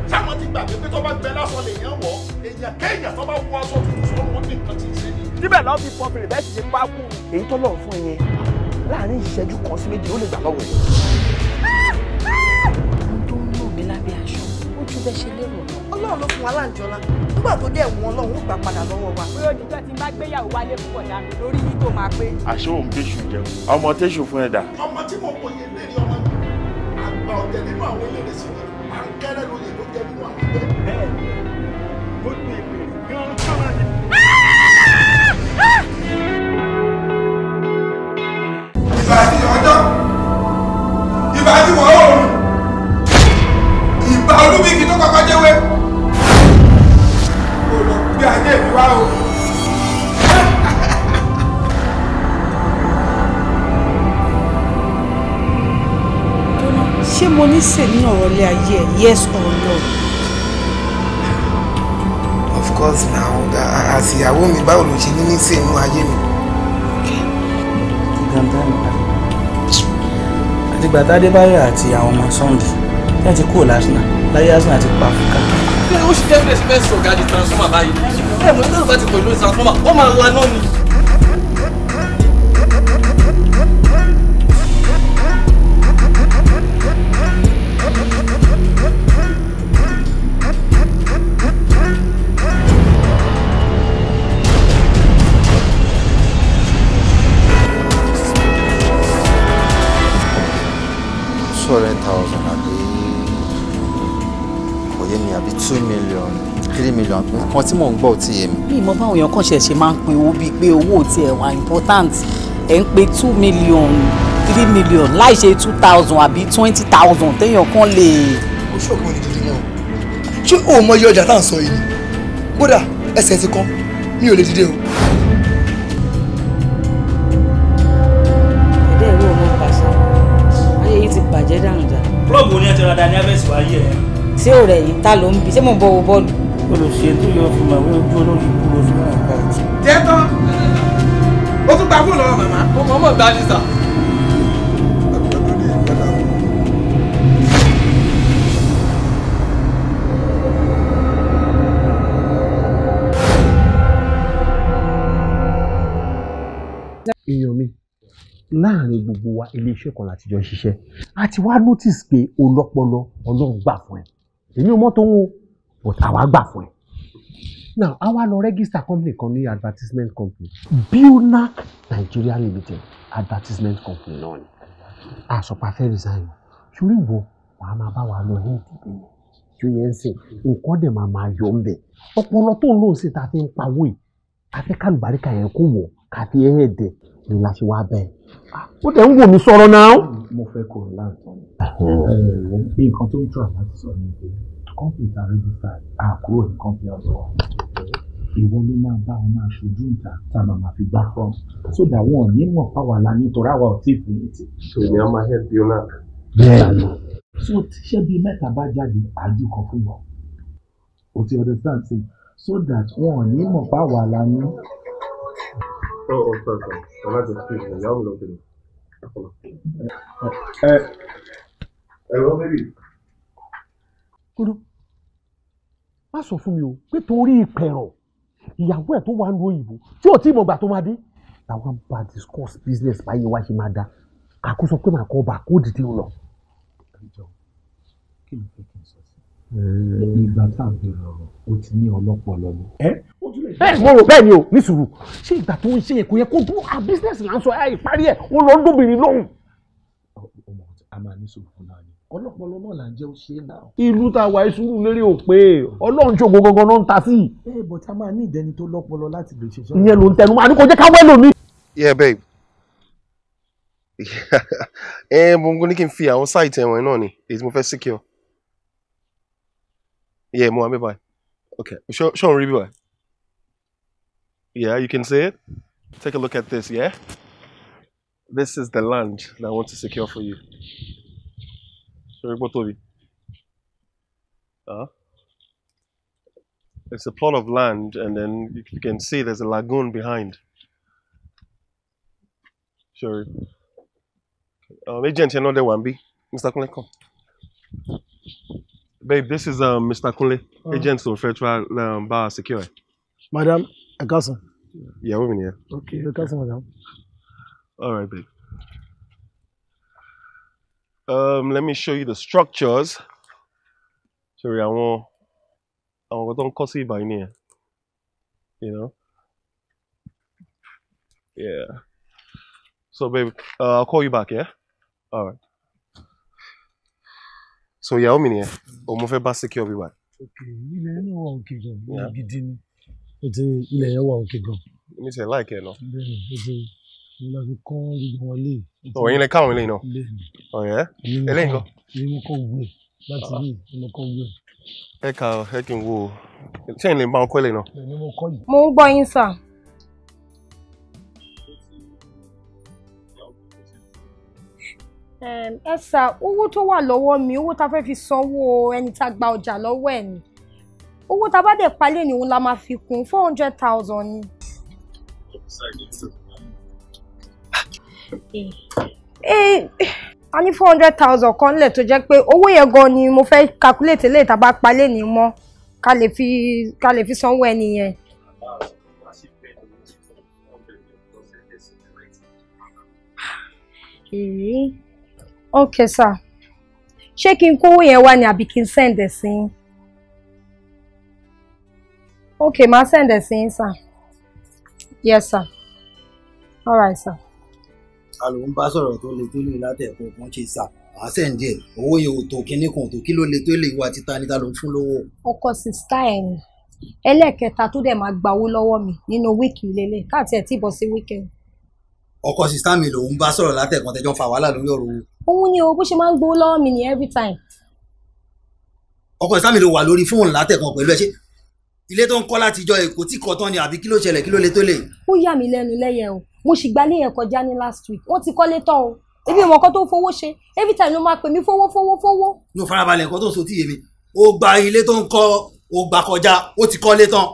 di táwọn ti gbàgbé pé tó bá gbẹ lásán lèèyàn wọ èèyàn kéèyàn tó bá wọ aṣọ tuntun sọ wọn ní nǹkan ti ṣe ni. síbẹ̀ lọ́ọ́ fi pọ́pìlì bẹ́ẹ̀ sì ti pákó èyí tó lọ́ọ̀ fún yẹn láàrin ìṣẹ́jú kan sí méjì ó lè gbà lọ́wọ́ ẹ̀. ohun tó ń lò mí lábẹ́ aṣọ ó ju bẹ́ẹ̀ ṣe lérò. ọlọ́run ló fún wa láǹjọ́lá nígbà tó dé ẹ̀wọ̀n ọlọ́run ó gbà padà lọ́wọ́ wa. pé òdìjọ́ ti bá gbéyàwó wálé fún ọ̀dà lórí yìí tó máa pé. àṣé òun gbèsù jẹun ọmọ tẹ̀sù fún ẹ̀dá. ọmọ tí mo wò yẹn lè rí ọmọ mi àgbà ọ̀tẹ̀ nínú àwọn eléré sí ni à ìgbà tí wọ́n òòrùn ìgbà olúbíkì tó kọ́kọ́ jẹ́wé kò lọ gbé ayé mi wá o. ṣé mo ní sè ní ọ̀rọ̀ ayé ẹ̀ yes or no. of course na àsìyàwó mi báwo ló ṣe ní ní sè ní ayé mi. okay àtìgbà tádébáyọ̀ àti àwọn ọmọ sunday tẹ́ ti kúrò lásìnà láyé àsìnà ti pa fúkà. ó ṣe jẹ́ bí ẹ ṣe fẹ́ sọ̀gá di transformer báyìí ẹ̀ mọ̀ ní tẹ́lifà ti pẹ̀lú transformer ó máa laná ni. two hundred thousand àbí kò yé mi àbí two million three million nǹkan tí mò ń gbọ́ ò tí yé mi. bí ìmọ̀ báwọn èèyàn kàn ṣẹ̀ṣẹ̀ máa ń pín owó bíi pé owó ò tiẹ̀ important ẹ̀ ń pe two million three million láì ṣe two thousand àbí twenty thousand téèyàn kan lè. ó ṣòkò ní dídí náà ṣé òun mọ iye ọjà tá à ń sọ yìí ni kódà ẹsẹ̀ ti kán mi ò lè dìde ṣé ọ̀rẹ́ yìí ta ló ń bi ṣé mò ń bọ̀ wo bọ́ọ̀lù. olùṣètò yóò fún mi àwọn ojú olórí ìbúrò fún mi àgbà ìtì. jẹ́ tán ó tún gba fún lọ́wọ́ màmá. mo mọ̀ mọ̀ gbá ní sà. èèyàn mi láàrin gbogbo wa iléeṣẹ́ kan láti jọ ṣiṣẹ́ a ti wá notice pé o lọ́pọlọ ọlọ́run gbà fún ẹ inú mọ́tò ń wo but àwa gbà fún ẹ now àwa lọ register company kan ní advertisement company Bionac Nigeria Limited advertisement company náà ni àsọpá fẹ́ resign ṣùgbọ́n ìwọ wàá máa bá wa lọ ní ìdìbò yẹn tí ó yẹ ń sìn nǹkan dẹ̀ máa máa yọ ń bẹ̀ ọpọlọ tó ń lò ó sì ta fi ń pawó yìí àfi kálùbáríkà yẹn kó wọ̀ káfí ẹ̀ẹ́dẹ̀ ni la ṣe wá bẹ́ẹ̀ ah, ó dẹ̀ ń wò mí sọ̀rọ̀ náà mo fẹ́ kó ọ̀la ìtàn hmm. nǹkan tó ń tọ́ àláti sọ ni pé kọ́ńpìtì àrẹ́jísà àkúrò ní kọ́ńpìtì ọ̀sọ̀ ìwọ ló máa bá wọn máa ṣojú ìta tá a máa fi gbá fún ọ so that wọn ò ní mọ̀ fáwọn àlá nítorí àwa ò tí ì fún yìí. èmi á máa help you bẹ́ẹ̀ ni so ṣé bíi mẹ́ta bá jáde àájú kan fún wọn o ti understand say so that wọn ò ní mọ̀ fáwọn àlá ní. ọ̀ ọ̀ sọ̀rọ̀ sọ̀rọ̀ ọ̀la Hello, baby. Kúrú, má sọ fún mi o pé torí ìpẹ̀rọ̀ ìyàwó ẹ̀ tó wà ń lo òyìnbó tí ò tí ì mọ̀gbà tó máa dé. Làwọn bá discuss business báyìí wá ṣe máa da. Kàkó sọ pé màá kọ́ ọba kó dìde ń lọ. Ìgbà tá a bẹ̀rẹ̀ ọ̀rọ̀, ó ti ní ọlọ́pọ̀ lọ́wọ́ bẹ́ẹ̀ mo rò bẹ́ẹ̀ ni o ní sùúrù ṣé ìgbà tó ń ṣe èkó yẹ kó dún a business là ń sọ ẹ ìparí ẹ ó lọ dóbìnrin lóhùn. ọmọ a máa ní sùúrù fún náà ni ọlọ́pọlọ náà là ń jẹ́ ó ṣe é náà. ìlú ta wà ìṣúrù lérè ò pé ọlọ́run ṣògo gangan ló ń ta sí. ẹ bọ̀ tá a máa ní ìdẹni tó lọ́pọlọ láti lè ṣe sọ́yìn. ìyẹn ló ń tẹnu máa ní kò jẹ́ ká wẹ́ lómi. yeah babe ẹ eh, mo ní kí n fi àwọn sáìtì ẹ̀wọ̀n náà ni èyí tí mo fẹ́ yeah mo wà mí báyìí ok ṣé òun Yeah, you can see it. Take a look at this, yeah? This is the land that I want to secure for you. Sorry, what Toby? Huh? It's a plot of land, and then you can see there's a lagoon behind. Sorry. Um, agent, another one, B. Mr. Kunle, come. Babe, this is um, Mr. Kunle, uh -huh. agent of Federal um, Bar Secure. Madam, ẹ káàsán. ìyàwó mi nìyẹn. ok ẹ káàsán madam. all right babe. Um, let me show you the structures. Sorry, àwọn àwọn nǹkan tó ń kọ́ sí ìbàyí You know? Yeah. So, babe, uh, I'll call you back, yeah? All right. So, ìyàwó mi nìyẹn. Òun mo fẹ́ bá secure bí wa. Okay, ilé inú wọn kìí jẹun, ní gidi ni ètò ilẹ̀ yẹn wà òkè gan. mi sẹ láìkẹ náà. bẹ́ẹ̀ni ètò ìlànà fi kọ́ gbogbo wọn lé. ọwọ yín lẹ káwọn lé náà. bẹ́ẹ̀ni ọyẹ eléyìí kan. èyí mo kọ gbé láti bí mo kọ gbé. ẹ kà ẹ kí n wo ṣé ìlẹ̀ bá ọkọ ilẹ̀ náà. èmi mo kọ yìí. mo ń gbọ́ yín sà. ẹ sà owó tó wà lọ́wọ́ mi owó tá a fẹ́ fi sanwó ẹni tá a gba ọjà lọ́wọ́ ẹ̀ ni owó tá a bá dẹ̀ palẹ̀ nìhun la máa fi kún four hundred thousand ni. Eh, eh, a ní four hundred thousand kan lẹ̀ tó jẹ́ pé owó yẹn gan ni mo fẹ́ calculate lè tá a bá palẹ̀ ní mọ́ ká lè fi ká lè fi sanwó ẹni yẹn. Eh, ok sir ṣé kí n kówó yẹn wá ni àbí kí n send ẹ̀ sí yín okay my send the same, sir yes sir all right sir. a ló ń bá sọ̀rọ̀ tó le tó lè látẹ̀kọ́ kan ṣe sà wàá sẹ́ǹdì ẹ̀ owó yẹn ò tó kinní kan tó kí ló le tó lè wá títa níta ló ń fún lówó. ọkọ sista ẹ ni ẹlẹ́ẹ̀kẹta tó dẹ̀ máa gbawó lọ́wọ́ mi nínú wíìkì lélẹ̀ káàtì ẹ̀ tí bọ́ sí wíìkẹ́ndì ọkọ sista mi lòun bá sọ̀rọ̀ látẹ̀kan tẹjọ́ fa wàhálà lórí ọ̀rọ̀ owó. òun ni o bó ṣe máa ń gbowó lọ́wọ́ mi ní every time. ọkọ sista mi ló wà lórí fóònù látẹ̀kan pẹ̀lú ẹ ṣe ilé tó ń kọ́ látijọ́ èkó tí kọ́ tán ni àbí kí ló ṣẹlẹ̀ kí ló le tó lè. ó yà mí lẹ́nu lẹ́yẹ o mo sì gbalé yẹn kọjá ní last week wọ́n ti kọ́lé tán o ebi ìwọ̀n kan tó fowó ṣe every time ló máa pè mí fowó fowó fowó. yóò farabalẹ̀ nǹkan tó ń sotí yèmí o gba ilé tó ń kọ́ o gbà kọjá o ti kọ́lé tán.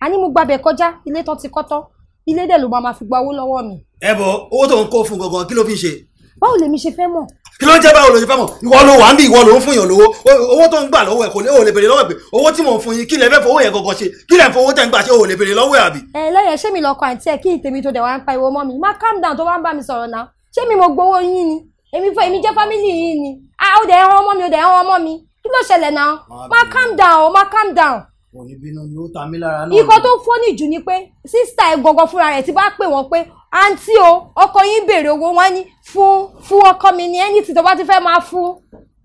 a ní mo gbàbẹ̀ kọjá ilé tán ti kọ́ tán ilé dẹ̀ ló máa fi gba owó lọ́wọ́ mi. ẹ bọ owó tó ń kó fún gangan kí ló fi ṣe báwo lèmi ṣe fẹ́ mọ̀. kí ló ń jẹ́ báwo ló ṣe fẹ́ mọ̀ ìwọ ló wà ń bí ìwọ ló ń fún yàn lówó owó tó ń gbà lọ́wọ́ ẹ̀ kò lè ò lè béèrè lọ́wọ́ ẹ̀ pé owó tí mò ń fún yín kí lẹ fẹ́ fowó yẹn gọ́gọ́ ṣe kí lẹ fowó tẹ̀ ń gbà ṣe ò lè béèrè lọ́wọ́ ẹ̀ àbí. ẹ lẹ́yìn ṣé mi lọkọ àǹtí ẹ̀ kí ìtèmi tó dẹ̀ wá ń pa ìwọ mọ́ mi má calm down tó wá ń bá mi sọ̀rọ̀ náà ṣé mi mo gbowó yín ni èmi fẹ́ èmi jẹ́ fámìlì yín ni ah ó dẹ̀ ẹran ọmọ mi ó dẹ̀ ẹran ọmọ mi kí ló ṣẹlẹ̀ náà má calm down má calm down òní bínú ni ó ta mí lára náà. ikọ́ tó fọ́nì jù ni pé sísá ẹ̀ gangan fúnra rẹ̀ ti bá pè wọ́n pé àǹtí o ọkọ yín béèrè owó wọn ní fún fún ọkọ mi ní ẹni tí tó bá ti fẹ́ máa fún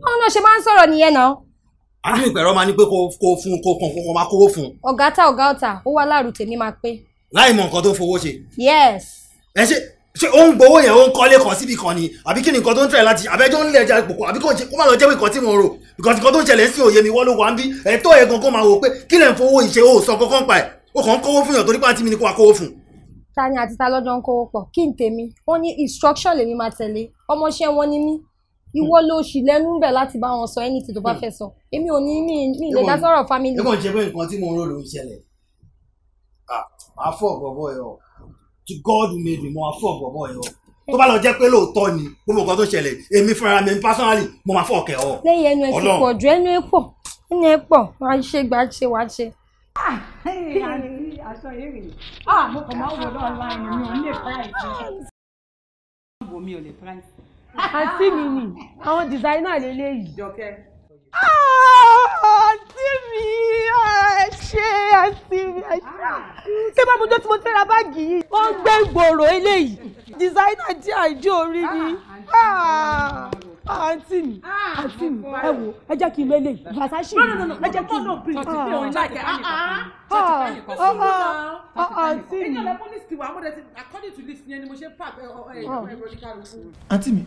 wọn náà ṣe máa ń sọ̀rọ̀ nìyẹn náà. àbí ìpẹ̀rọ máa ní pé kó kó fún kó kàn kó máa kówó fún. ọ̀gá ta ọ̀gá ọ̀tà ó wá láàrú tèmi máa pé. láì mọ nǹkan tó fowó ṣe. yes. ẹ ṣe ṣé ó ń gbowó yẹn ó ń kọ́lé kan síbi kan ni àbí kí ni nǹkan tó ń tẹ̀lé láti àbẹ́jọ́ ń lẹ̀ ẹja pòpò àbí kó má lọ jẹ́ nǹkan tí mo rò because nǹkan tó ń ṣẹlẹ̀ sí òye mi wọ́n ló wà ń bí ẹ̀tọ́ ẹ̀ gangan máa wò pé kí lẹ̀ ń fowó ìṣe ó sọ kankan pa ẹ̀ ó kàn ń kówó fún yàn torí pàǹtí mi ni kò wá kówó fún. ta ni àti ta lọ́jọ́ ń kówó pọ̀ kí n tèmi wọ́n ní instruction lèmi máa tẹ̀lé ọmọọṣẹ́ wọn ni mí ìwọ ló ṣì lẹ́nu ń bẹ̀ láti bá wọn sọ anything tó bá fẹ́ sọ èmi ò ní mí mi lè family. ẹ kàn jẹ́ pé nǹkan tí mo ń rò ló ń ṣẹlẹ̀ àfọ̀ ah, bọ̀bọ̀ ẹ̀ ọ̀ to God who made me mo máa fọ bọ̀bọ̀ ẹ̀ o tó bá lọ jẹ́ pé lóòótọ́ ni gbogbo nǹkan tó ṣẹlẹ̀ èmi fúnra mi personally mo máa fọ ọ̀kẹ́ ọ. lẹ́yìn ẹnu ẹ̀ ti pọ̀ ju ẹnu ẹ̀ pọ̀ ẹnu ẹ̀ pọ̀ wàá ṣe gbà ṣe wàá ṣe ah, àǹtí ah, mi ni àwọn designer lélẹ́yìí. jọkẹ́ àǹtí mi ẹ ṣe àǹtí mi ẹ ṣe ṣé bá mo jọ tí mo tẹ́ra báàgì yìí wọ́n ń gbé gbòòrò eléyìí dìsáínà jẹ́ àìjí orí ni àǹtí mi àǹtí mi ẹ wò ẹ jẹ́ kí n lélẹ̀ Versace mi ẹ jẹ́ kí n àǹtí mi. àǹtí mi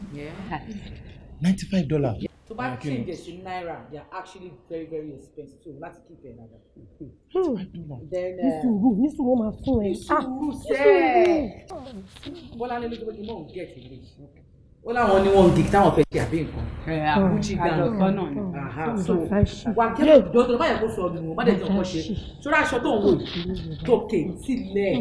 ninety five dollars tó bá change ẹ̀ naira, they are actually very very expensive so láti keep ẹ̀ dada. Hmm. ní uh, sùúrù ní sùúrù máa fún ẹ. ní sùúrù ah, sẹ́ẹ̀ bọ́lá ní lójú pé kí n mọ̀ ń gẹ̀ẹ́tì lè ṣe ó láwọn ní wọn gig táwọn fẹ́ ṣe àbí nǹkan àkújì hmm. ganan hmm. lọ́nà ni hmm. so wà kí dọ́tọ̀ báyọ̀ kó sọ ọdún wọn má dẹ̀ jọ kọ́ ṣe sórí aṣọ tó ń wò tòkè sílẹ̀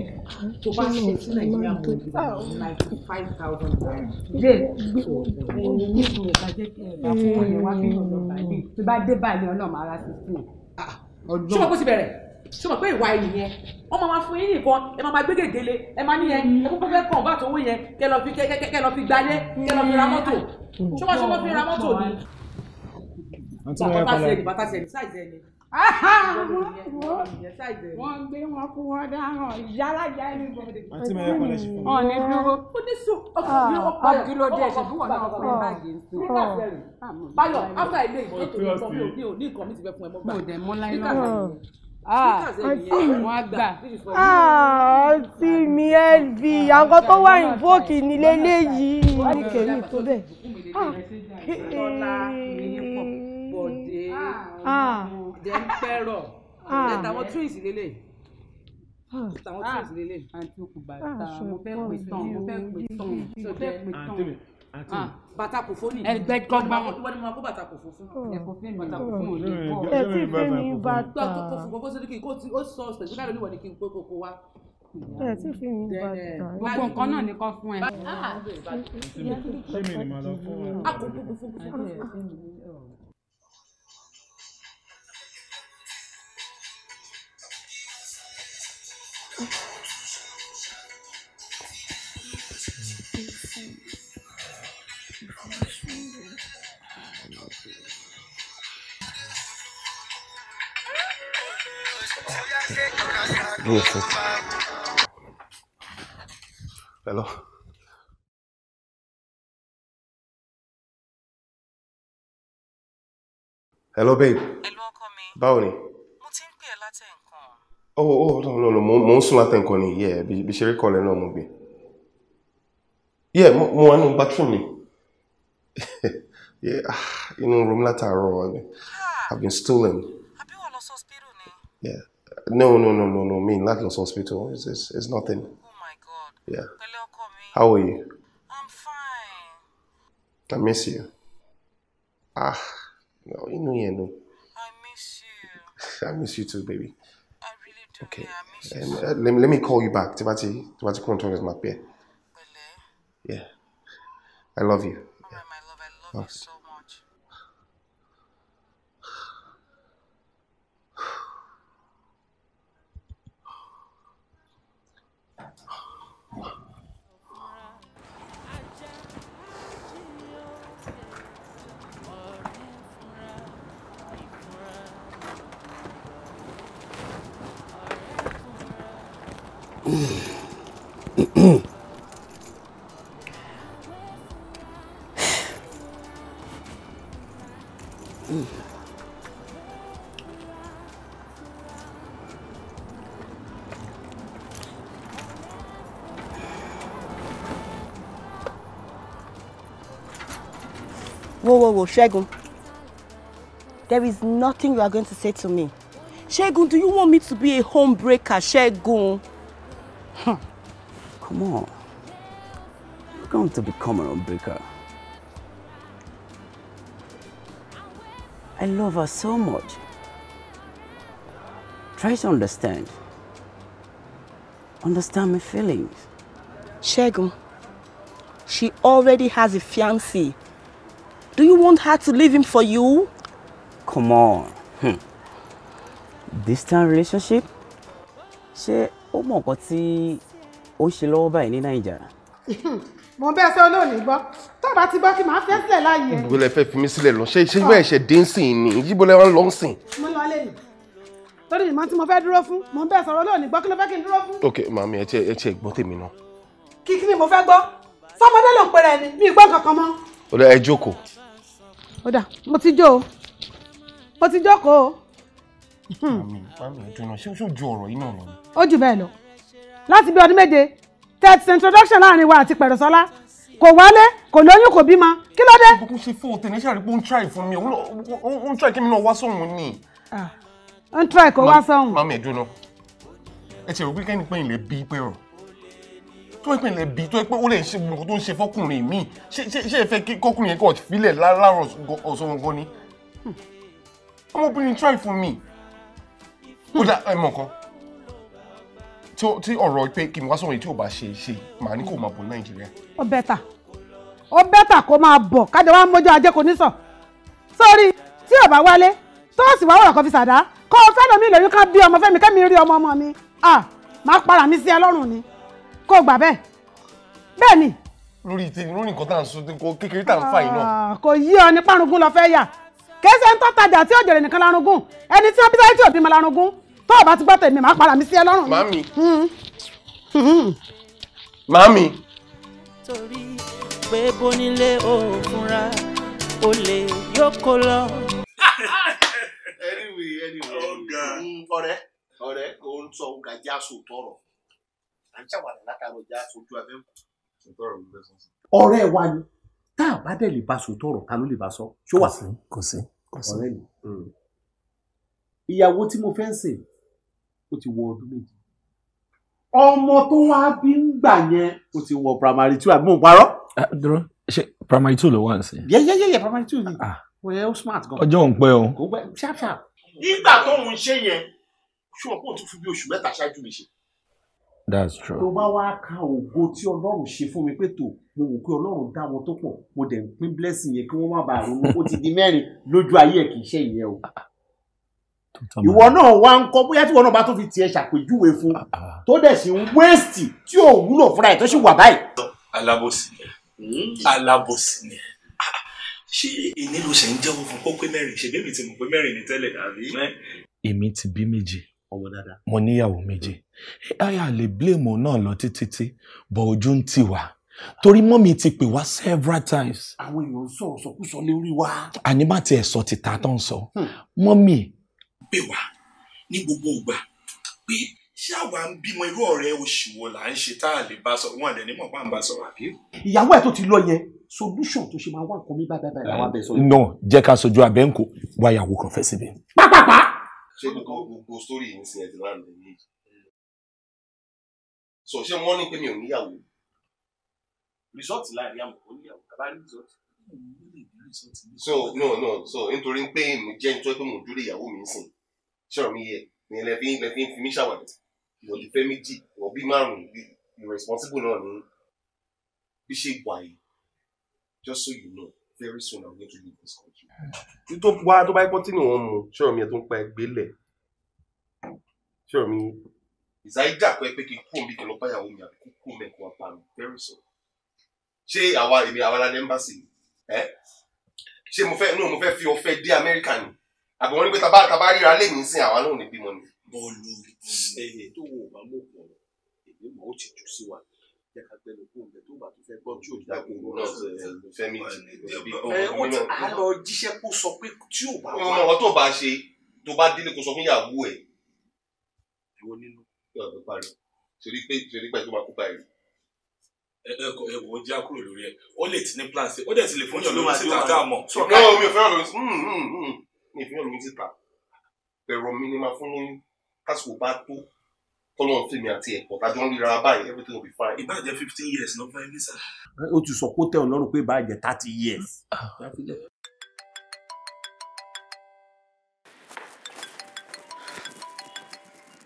tó bá ṣe sí nàìjíríà mọ̀ ní ninety five thousand naira. ilé ẹ̀yìn ní ìlú ìbàjẹ́ àfọwọ́yẹ wá bí ọ̀dọ̀ báyìí tí bá dé báyìí ọlọ́mọ ara ti sùn. ṣé wọn kó ti bẹ̀rẹ̀ ṣé mo pé ìwà ìyẹn wọ́n máa fún yín nìkan ẹ máa gbé gègéle ẹ máa ní yẹn ẹ kúkú mm. fẹ́ kàn bá àtọwọ́ yẹn kẹ lọ fi kẹ lọ fi gbalẹ̀ kẹ lọ fi ra mọ́tò ṣé wọ́n ṣe wọ́n fi ra mọ́tò ni. bàtà sẹ́ni bàtà sẹ́ni ṣáìsẹ́ ni wọ́n gbé wọn kú wọn dáhùn yálà yá ẹni bọ̀dé. àti mẹ́rin kọ́lẹ̀ ṣe fún mi. ọ̀nì dúró. ó ní sùn ọkùnrin ọkọ rẹ̀ kí ló dé ẹ̀sìn fún ọ̀nà ọkùnrin báàgì ń sùn. Ah, ah. báyọ̀ after ilé ìgbésẹ̀ tó ń sọ mi ò ní nǹkan mi ti fẹ́ fún ẹ mọ́ gbà. mo dẹ̀ mú láyé lọ́wọ́ àǹtí mi lv àwọn tó wà ní fóòkì nílé léyìí ní kèmí tó bẹ̀. bọ̀dé dẹ́ńpẹ́rọ̀ àtàwọn twins lélẹ̀ àtàwọn twins lélẹ̀. àǹtí okùn bàtà mo fẹ́ pè tán mo fẹ́ pè tán mo fẹ́ pè tán. Ah, bàtà kò fóònù ẹgbẹ́ gbọ́ngbà wọn. wọ́n ní mo máa kó bàtà kò fò fún un. ẹ̀kọ́ fún mi bàtà kò fún òní kọ́. Ah. Ah. ẹ ti fún mi bàtà. kò fò kókó sódì kì í kó sọ ṣèṣin Give Hello. Hello, babe. Hello, ọkọ mi. Mo ti ń pè ẹ́ nǹkan. Oh, oh, no, no, no, mo ń sùn látẹ̀ nǹkan ni, yeah, bí ṣe rí kọ́lẹ̀ náà mo gbé. Yeah, mo wà nínú bathroom mi. Yeah, ah, inú room látàárọ̀ wà ní. I've been stolen. Àbí lọ sọ ni? Yeah. No, no, no, no, no. Me in Lagos Hospital. It's, it's, it's nothing. Oh my God. Yeah. How are you? I'm fine. I miss you. Ah, no, you know, you know. I miss you. I miss you too, baby. I really do. Okay. Yeah, I miss um, you. Uh, let, me, let me call you back. Tibati, Tibati Kronton is my peer. Yeah. I love you. All yeah. right, love. I love oh. you so much. Whoa, whoa, whoa, Ṣẹ́gun. There is nothing you are going to say to me. Ṣẹ́gun, do you want me to be a homebreaker, Ṣẹ́gun? Hm. Come on. You're going to become an unbreaker. I love her so much. Try to understand. Understand my feelings. Shegun, she already has a fiancé. Do you want her to leave him for you? Come on. Hm. Distant relationship? She, oh my god, tí ó ṣe lọ́wọ́ báyìí ní nàìjà. mo bẹ́ẹ̀ sọ lónìí gbọ́ tó bá ti gbọ́ kí màá fẹ́ sílẹ̀ láàyè. ìbò lẹ fẹ́ fi mí sílẹ̀ lọ ṣé ṣé bẹ́ẹ̀ ṣe dé ń sìn ni ìyíbo lẹ wọn lọ ń sìn. mo lọ lé mi torí ìmọ̀ tí mo fẹ́ dúró fún mo bẹ́ẹ̀ sọ̀rọ̀ lónìí gbọ́ kí ló fẹ́ kí n dúró fún. ok màmí ẹ tiẹ̀ gbọ́ tèmi náà. kí ni mo fẹ́ gbọ́ sọmọdé ló ń pèrè ni mi gbọ́ kankan mọ́. ó dá ẹ jókòó. ó dà mo ti jó o mo ti jókòó o. màmí màmí ẹ dúró ṣé ó ju ọ̀rọ̀ yìí náà lọ. ó jù bẹ́ẹ̀ lọ láti bí ọdún méje third introduction láàrin wa àti pẹ̀rọ̀sọ́lá kò wálé kò lóyún kò bímọ kí ló dé. mo kún ṣe fún òtẹ̀ níṣẹ́ àrígbó ń try fún mi ó ń try kí mi náà wá sóhun ni. ó ń try kó wá sóhun. màmá ẹ̀ dúró ẹ ṣe rò pé kẹ́ni pé ìlẹ̀ bí pé rọ̀ tó ń pinlẹ̀ bí tó ń pé ó lè ṣe gbogbo tó ń ṣe fọkùnrin mi ṣé ẹ fẹ́ kí kọkùnrin yẹn kọ̀ filẹ̀ láàárọ̀ ọ̀sán gan ni hmm. ọmọbìnrin try fún mi kódà ẹ mọ̀ kan tí ọ̀rọ̀ pé kí n wá sọ̀rọ̀ yìí tí ò bá ṣe ṣe màá ní kó máa bọ̀ nàìjíríà. ó bẹ́tà ó bẹ́tà kó máa bọ̀ kájọ wa mójú ajé kò ní sọ sórí tí ò bá wálé tó sì wá wà kó fi sàdá kó o fẹ́ràn mi lóyún ká bí ọmọ fẹ́mi kẹ́mi rí ọmọ ọmọ mi ah máa para mi sí ẹ lọ́rùn ni kó o gbà bẹ́ẹ̀ bẹ́ẹ̀ ni. lórí ti lórí nǹkan tá à ń sọ kékeré tá à ń fà yìí náà. kò yí ọ ní párùngún lọ fẹ́ yà kèéṣe ń tọ́tajà tí òjòrè nìkan larungún ẹni tí wọ́n bí sáyé tí òbí mọ larungún tó o ti gbọ́ tèmi màá para mi sí ẹ lọ́rùn. màámi hmm. Hmm. màámi. torí pé bonílé ò fúnra olè yóò kó lọ. anyway anyway hmm, ọ̀rẹ́ ọ̀rẹ́ òun sọ ọgá já tọrọ à ń ṣàwàdà látàrọ já sojú abẹ́kù. ọ̀rẹ́ wa ni tá a bá dẹ̀ lè bá so tọrọ ta ló lè bá sọ ṣó sí. kò sí kò sí. ìyàwó tí mo fẹ́ ń sìn ó ti wọ ọdún méjì ọmọ tó wá bí ń gbà yẹn ó ti wọ primary two àbí mò ń parọ́. Ah, dúró ṣe primary two ló wà nísìn. yẹ́yẹ́yẹ́ primary two ni wọ́n ah, ah. yẹ ó smart gan. ọjọ́ òun pẹ́ o. kò pẹ́ ṣáf ṣáf. nígbà tó ń ṣe yẹn ṣùgbọ́n kò tún fi bí oṣù mẹ́ta ṣáájú mi ṣe. That's true. tó bá wá ka ògo tí ọlọ́run ṣe fún mi pé tó mo wò pé ọlọ́run dá wọn tó pọ̀ mo dẹ̀ ń pín blessing yẹn kí wọ́n má bàa ronú ó ti di mẹ́rin lójú ayé ẹ̀ kì í ṣe ìyẹn o ìwọ náà wá ń kọ bóyá tí ìwọ náà bá tún fi tiẹ̀ ṣàpèjúwe fún ah, ah. tó dẹ̀ sí wéèsì tí ò wúlò fúnra ẹ̀ tó sì wà báyìí. alábòsí ni hmm. alábòsí ni ṣé èyí ló ṣe ń jẹ́wọ́ fún kó pé mẹ́rin ṣe bébì tí mo pé mẹ́rin ní tẹ́lẹ̀ àbí. èmi ti bí méjì mo níyàwó méjì aya lè blame òun náà lọ títí tí bọ ojú ń tì wá torí mọ́mí ti pè wá several times. àwọn èèyàn ń sọ̀rọ̀ sọkúsọ lórí wa. àní má tiẹ̀ sọ tìta tó ń sọ hmm. mọ́mí pè wá ní gbogbo ìgbà pé ṣé ń bímọ irú ọ̀rẹ́ oṣù wo là ń ṣe tá a lè bá sọ wọn àdẹ nímọ̀ pa ń bá sọ̀rọ̀ àbí. ìyàwó ẹ tó ti lọ yẹn solution tó ṣe máa wá nǹkan mi báyìí báyìí làwọn abẹ sọ. no jẹ́ ká sojú abẹ ń kó wáyàwó kan fẹ́ síbi. pápápá. ṣé gbogbo gbogbo sórí yìí ń sin ẹ̀dínlá mi yìí sọ ṣé wọ́n ní pé mi ò níyàwó result láàrin àmọ́ ò níyàwó kàbá ní result so no no so nítorí pé mo jẹ́ nítorí pé mo dúró ìyàwó mi ń sìn ṣọ̀rọ̀ mi yẹ ni lè fi lè fi fi mí ṣàwàdà ìwọ̀n ti fẹ́ méjì ìwọ̀n bí márùn-ún irresponsible náà ni bí ṣe wà yìí just so you know very soon i'm going to leave this country. tí tó wá tó bá yẹ pọ́tínì wọn mu ṣọ̀rọ̀ mi yẹ tó ń pa ẹgbẹ́ lẹ̀ ṣọ̀rọ̀ mi. ìsáyídà pé pé kí n kú mi kí n lọ báyàwó mi àbí kí n kú mẹ́kọ̀ọ́ wá pa mi very soon. ṣé àwa èmi àwa lálẹ́ ń bá sí i ṣé no mo fẹ́ fi ọ̀fẹ́ dé Amẹ́ríkà ni àbí wọ́n ní pé tàbá tàbá ríra lè ní sìn àwa náà ní bímọ ni. bọ́ọ̀lù ẹ̀yẹ tó wo bá mọ̀ pọ̀ èmi mọ̀ ó ti jù sí wa jẹ́ ká gbẹ́nu kó o bẹ̀ tó bá tó fẹ́ gbọ́ tí ò dá kó o náà fẹ́mi jìbí ọ̀hún náà. a lọ jíṣẹ́ kó sọ pé tí ò bá wà. ọmọ tó bá ṣe tó bá délé kó sọ fún ìyàwó ẹ̀. ìwọ nínú. ọ̀dọ̀ parí torí pé torí pé tó máa kó báyìí ẹwọ já kúrò lórí ẹ ó lè ti ní plan ṣe ó dẹ̀ ti lè fún yàn lórí síta tá a mọ̀. no mi ò fẹ́ràn lórí hmm, hmm, hmm ní ìfihàn mi síta ẹ̀rọ mi ni máa fún lóyún kásìkò bá tó tọ́lọ́run fèmí àti ẹ̀kọ́ tájọ́ ń ríra báyìí everything will be fine. ìbáàjẹ́ fifteen years ló fẹ́ ní sáà. ó ti sọ kó tẹ̀ ọ́ lọ́rùn pé ìbáàjẹ́ thirty years.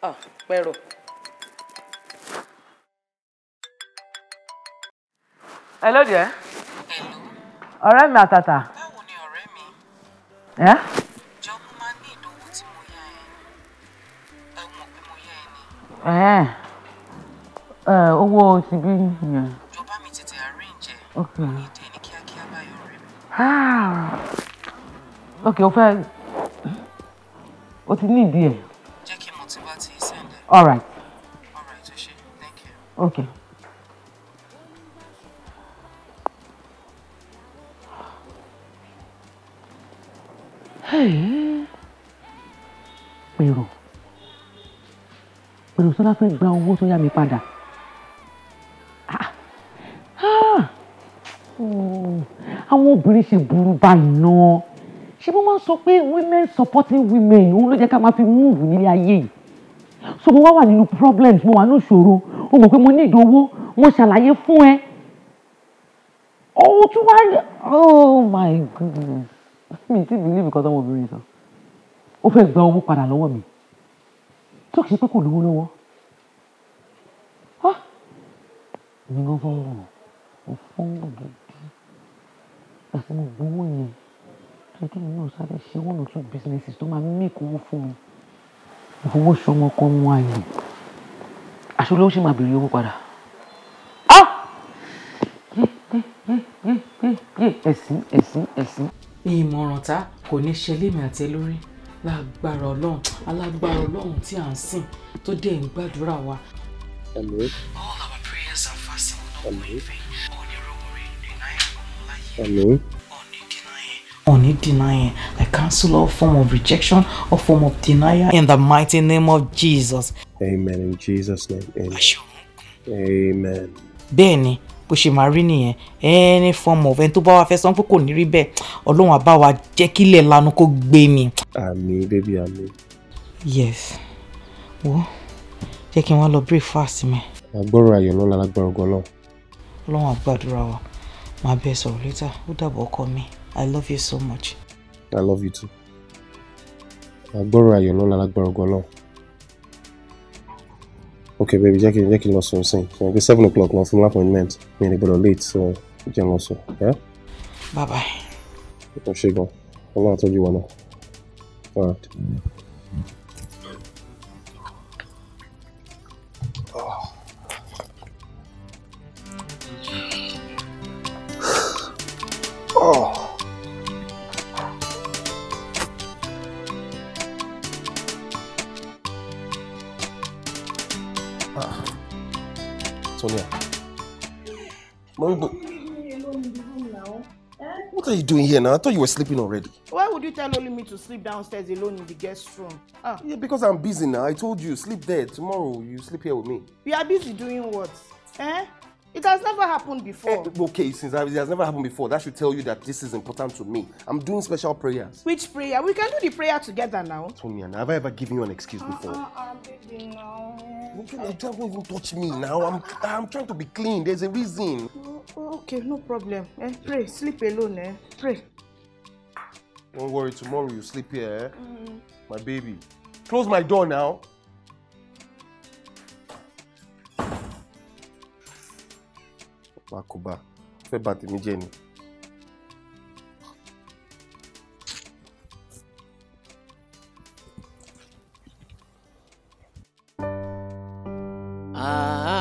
ah pẹ̀rọ. hello there. ọ̀rẹ́ mi àtàtà. báwo ni ọ̀rẹ́ mi. ẹ́. Yeah? ẹ eh, ẹ eh, owó ti bí yẹn. ìjọba mi tètè arrange ẹ kò ní dé ní kíákíá báyọ̀ rẹ̀ ah, ok o fẹ́ o ti ní ìdí ẹ̀. jẹ́ kí mo ti bá ti send ẹ. all right. all right o ṣe thank you. ok. Hey. Pero... Pẹ̀lúsọ́lá fẹ́ gba owó tó yá mi padà. Ah, ah. Àwọn obìnrin ṣe burú báyìí náà. Ṣé wọ́n máa ń sọ pé women supporting women òun ló jẹ́ ká máa fi múùbù nílé ayé yìí? So mo wá wà nínú problems mo wà nínú ìṣòro o mọ̀ pé mo ní ìdánwò mo ṣàlàyé fún ẹ. Ó tún wá rí oh my goodness mi ti believe I'm tọ́mọbìnrin sọ. Ó fẹ́ gba owó padà lọ́wọ́ mi tí ó kì í ṣe pé kò lówó lọ́wọ́ èmi gan fọ́ wọ̀n mo fọ́ wọ̀n gidi àti mo gbowó yẹn tó kí èmi náà sáré ṣe one or two tó máa mẹ́kọ̀ owó fún mi mo fowó ṣọmọ kọ́ mú ayé àṣọ olówó ṣì máa béèrè owó padà ìmọ̀ràn ta kò ní ṣe lémi àti ẹ lórí lágbára ọlọ́run alágbára ọlọ́run tí à ń sìn tó dé ń gbàdúrà wa. Àmín. all our prayers and fasting will not go in vain. òní rògbòrè dènáyà ọmọláyé. Àmín. òní dènáyà. òní I cancel all form of rejection all form of denial in the mighty name of Jesus. amen in Jesus name amen. amen. Benny bó ṣe máa rí nìyẹn any form of ẹni tó bá wa fẹ́ sọ pé kò ní rí bẹ́ẹ̀ ọlọ́run àbá wa jẹ́ kílẹ̀ lanu kó gbé ni. àmín bébí àmín. yes wo jẹ́ kí n wá lọ breakfast mi. àgbọ̀rọ̀ ayọ̀ lọ́la lágbára ọgọ́ náà. ọlọ́run àgbàdúrà wa máa bẹ sọ̀rọ̀ létà ó dàbọ̀ ọkọ mi i love you so much. i love you too. àgbọ̀rọ̀ ayọ̀ lọ́la lágbára ọgọ́ náà ok baby jẹ́ kí jẹ́ kí n lọ sùn sìn ṣe pé seven o'clock lọ fún appointment mi ní gbọ́dọ̀ late so jẹ́ lọ sùn. bye bye. o ṣe gan ọlọ́run tọ́jú wa náà. here now. I thought you were sleeping already. Why would you tell only me to sleep downstairs alone in the guest room? Ah. Yeah, because I'm busy now. I told you, sleep there. Tomorrow, you sleep here with me. You are busy doing what? Eh? It has never happened before. Eh, okay, since it has never happened before, that should tell you that this is important to me. I'm doing special prayers. Which prayer? We can do the prayer together now. Tomian, have I ever given you an excuse uh-uh, before? Uh, uh, baby, no. Okay, now don't even touch me now. I'm, I'm trying to be clean. There's a reason. Oh, oh, okay, no problem. Eh, pray. Sleep alone. Eh. Pray. Don't worry. Tomorrow you sleep here. Eh? Mm. My baby. Close my door now. wàá kó bá fẹ́ bà tèmi jẹ́ ni. Ah.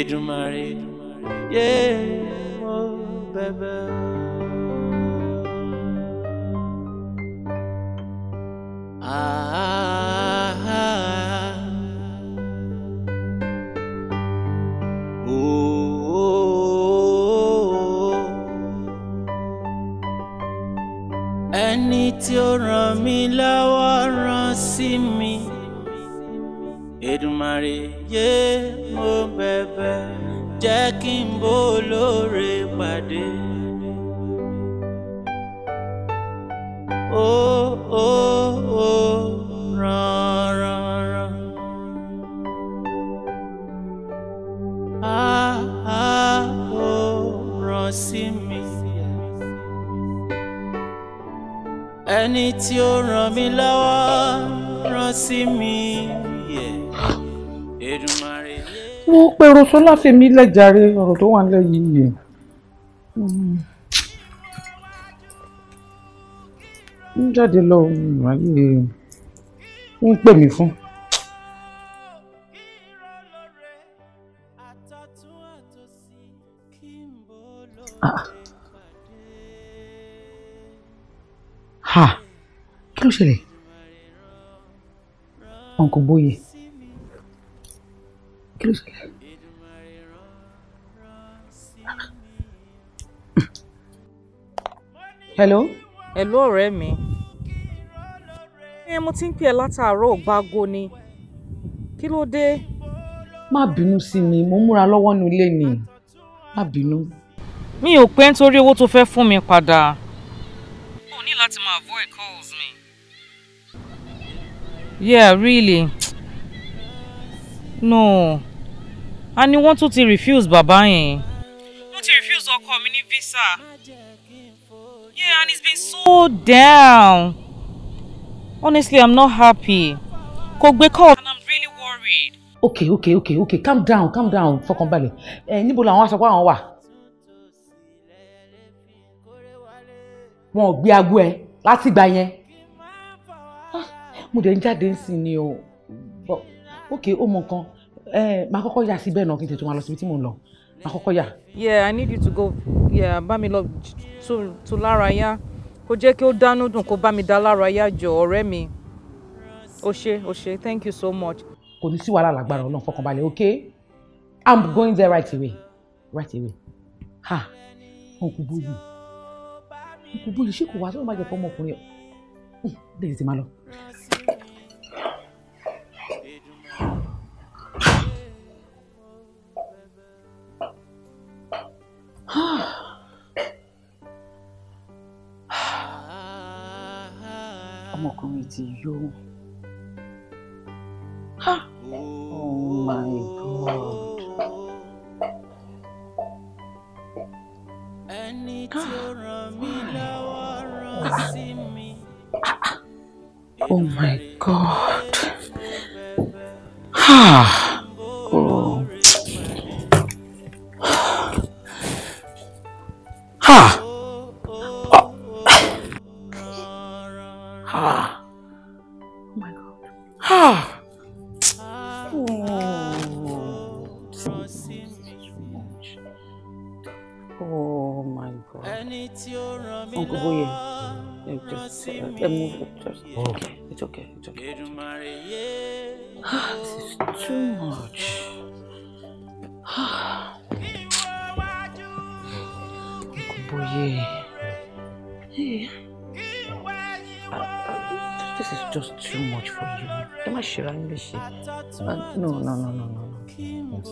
Èdùmàrè yé mo bẹ̀bẹ̀ o. Ẹni tí ó ràn mí lọ́wọ́ rán sí mi. Èdùmàrè yé mo bẹ̀bẹ̀ jẹ́ kí n bó olóore pàdé. ó ó ó ràn ràn ràn. á á ẹni tí ó ràn mí lọ́wọ́ ràn sí mi. mo pèrò sọlá fèmí lẹ́jàre ọ̀rọ̀ tó wà nílẹ̀ yìí. ń jáde lọ ìwáyé ń pè mí fún. Ah. kí ló ṣẹlẹ̀? ọ̀nkò bóyè kí ló hello. hello ọ̀rẹ́ mi ẹ mo ti ń pè ẹ́ látàárọ̀ ògbágo ni kí ló dé. má bínú sí mi mo ń múra lọ́wọ́ nu ilé ni má bínú. mi ò pé nítorí owó tó fẹ́ fún mi padà. mo ní láti máa avoid calls mi. yeah really no a ní wọ́n tún ti refuse bàbá yẹn. wọ́n ti refuse ọkọ mi ní visa. yeah and it's been so down. honestly i'm not happy. kò gbé call and i'm really worried. okay okay okay okay calm down calm down fọkànbalẹ̀ ẹ níbo làwọn aṣọ àwọn wà. wọn ò gbé aago ẹ láti gbà yẹn ah, mo dẹ̀ ń jáde ń sìn ni o Okay, ó mọ nǹkan Eh, máa kọ́kọ́ yà síbẹ̀ náà kí n tètè máa lọ síbi tí mò ń lọ máa kọ́kọ́ yà. yeah i need you to go yeah bá mi lọ tu tu lára yá kó jẹ́ kí ó dánú dùn kó bá mi dá lára yá jọ ọ̀rẹ́ mi o ṣe o ṣe thank you so much. kò ní sí wàhálà lágbára ọlọ́run fọkànbalẹ̀ ok i'm going there right away right away ha ọkùn bóyú ọkùn bóyú ṣé kò wá tó máa jẹ fọmọkùnrin ọ hmm, lè tètè máa lọ. 你用。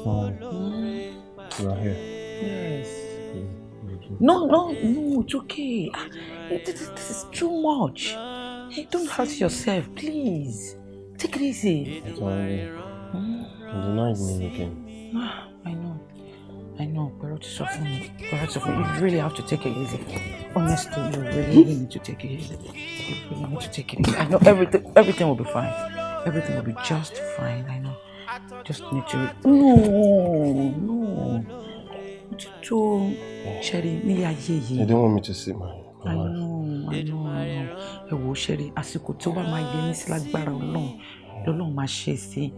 small mm. right here. Yes. No, no, no, it's okay. Ah, this, this is too much. Hey, don't hurt yourself, please. Take it easy. It's alright. Hmm? The night means I know. I know, but it's so funny. But it's so funny. You really have to take it easy. Honestly, you really need to take it easy. You really need to take it easy. I know everything, everything will be fine. Everything will be just fine, I know. just need to no no tó ṣẹ́rí ní ayé yìí. you don't want me to see my. I know I know I know ẹ wò ó ṣẹ́rí àsìkò tó bá máa yẹ ní sí lágbára ọlọ́run lọ́lọ́run máa ṣe sí i.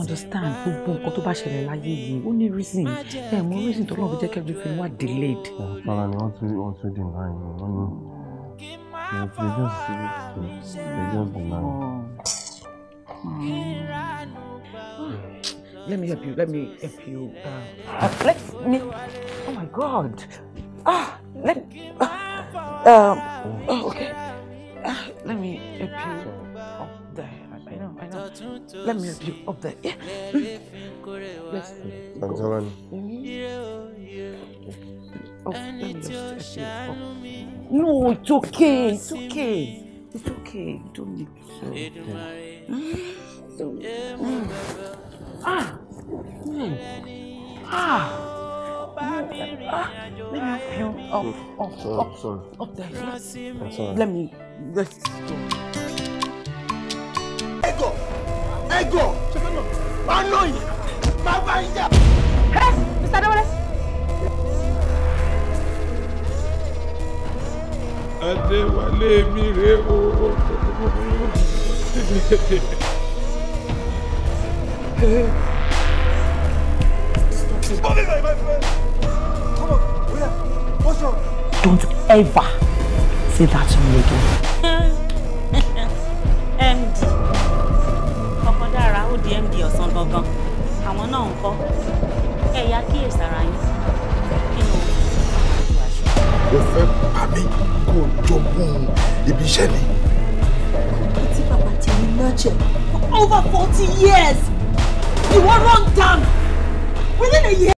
understand gbogbo nǹkan tó bá ṣẹlẹ̀ láyé yìí ó ní reason ẹ mọ̀ reason tó lọ́wọ́ fi jẹ́ kí everything wà delayed. ọ̀pára ni wọ́n tún wọ́n tún dì náà yìí wọ́n ní wọ́n ti just dey just dey náà. Let me help you. Let me help you. Uh, uh let me. Oh my God. Ah, let. Uh, um. Oh, okay. Uh, let me help you up there. I know. I know. Let me help you up there. Yeah. Hmm. Let's go. Oh, let me help you up. No, it's okay. It's okay. It's okay. don't need to. Okay. Ah! Ah! Ah, let me help you up, up, sorry, up, sorry. up there. I'm sorry. Let me, let's go. Ẹ gọ̀! Ẹ gọ̀! Má nà yìí! Má bá yín jà! Ẹ Mr. Dawale. Adéwálé mi rèé o. Don't ever say that to me again. MD. Ọkọ dára ó di MD ọ̀sán gangan. Àwọn náà ń kọ́. Ẹ̀yà kíyèsára yín. Kí ni òun? Mo fẹ́ àmì kó jogún ibi iṣẹ́ mi. Ọkọ tí bàbá for over forty years. You ìwọ wrong Done within a year.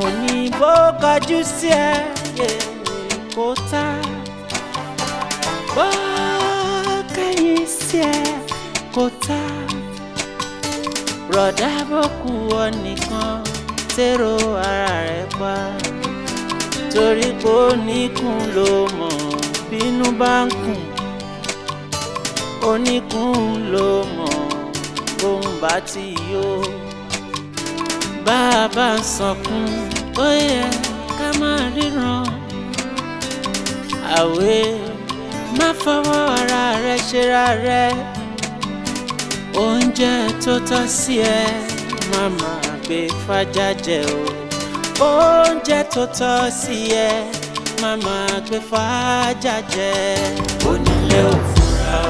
mo ní bó kọjú sí ẹ kó tá bó kẹ́yìn sí ẹ kó tá rọ̀dá bó kú ọ nìkan tèrò ara rẹ̀ pa torí kò níkun ló mọ̀ bínú bá ń kùn oníkun ló mọ̀ bóun bá ti yó bá a bá ń sọkún ó yẹ ká máa ríran àwé má fọwọ́ ara rẹ ṣera rẹ oúnjẹ tó tọ́ sí ẹ má máa gbé fájá jẹ o oúnjẹ tó tọ́ sí ẹ má máa gbé fájá jẹ onílé òfúra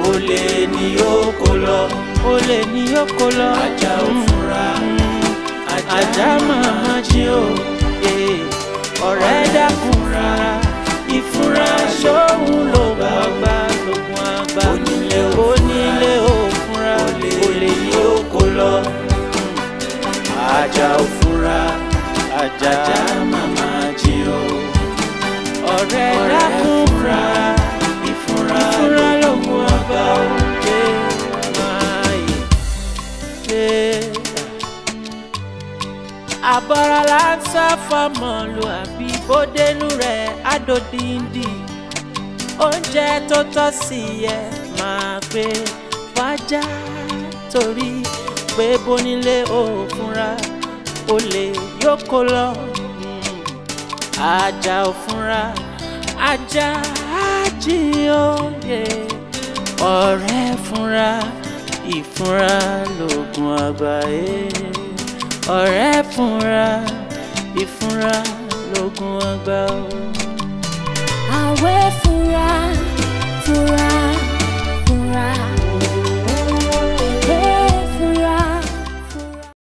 o olè ni yóò kó lọ olè ni yóò kó lọ ajá òfúra. Mm ajá màmá eh. jí o ọ̀rẹ́ dákun rárá ìfúnra ṣóhun ló bá gbá lókun àgbà onílé òfúnra olè ní oko lọ ajá òfúnra ajá màmá jí o ọ̀rẹ́ dákun rárá ìfúnra lókun àgbà àbọ̀ra là ń sá fọmọlúàbí bó dénú rẹ̀ àdòdìndì oúnjẹ tó tọ́ sí ẹ máa gbé wájà torí pé bónílé ò fúnra olè yóò kó lọ ajá ò fúnra ajá ájì ọ̀rẹ́ fúnra ìfúnra lògùn àgbáyé ọ̀rẹ́ fúnra ìfúnra lógún àgbà o. àwẹ̀ fúnra fúnra.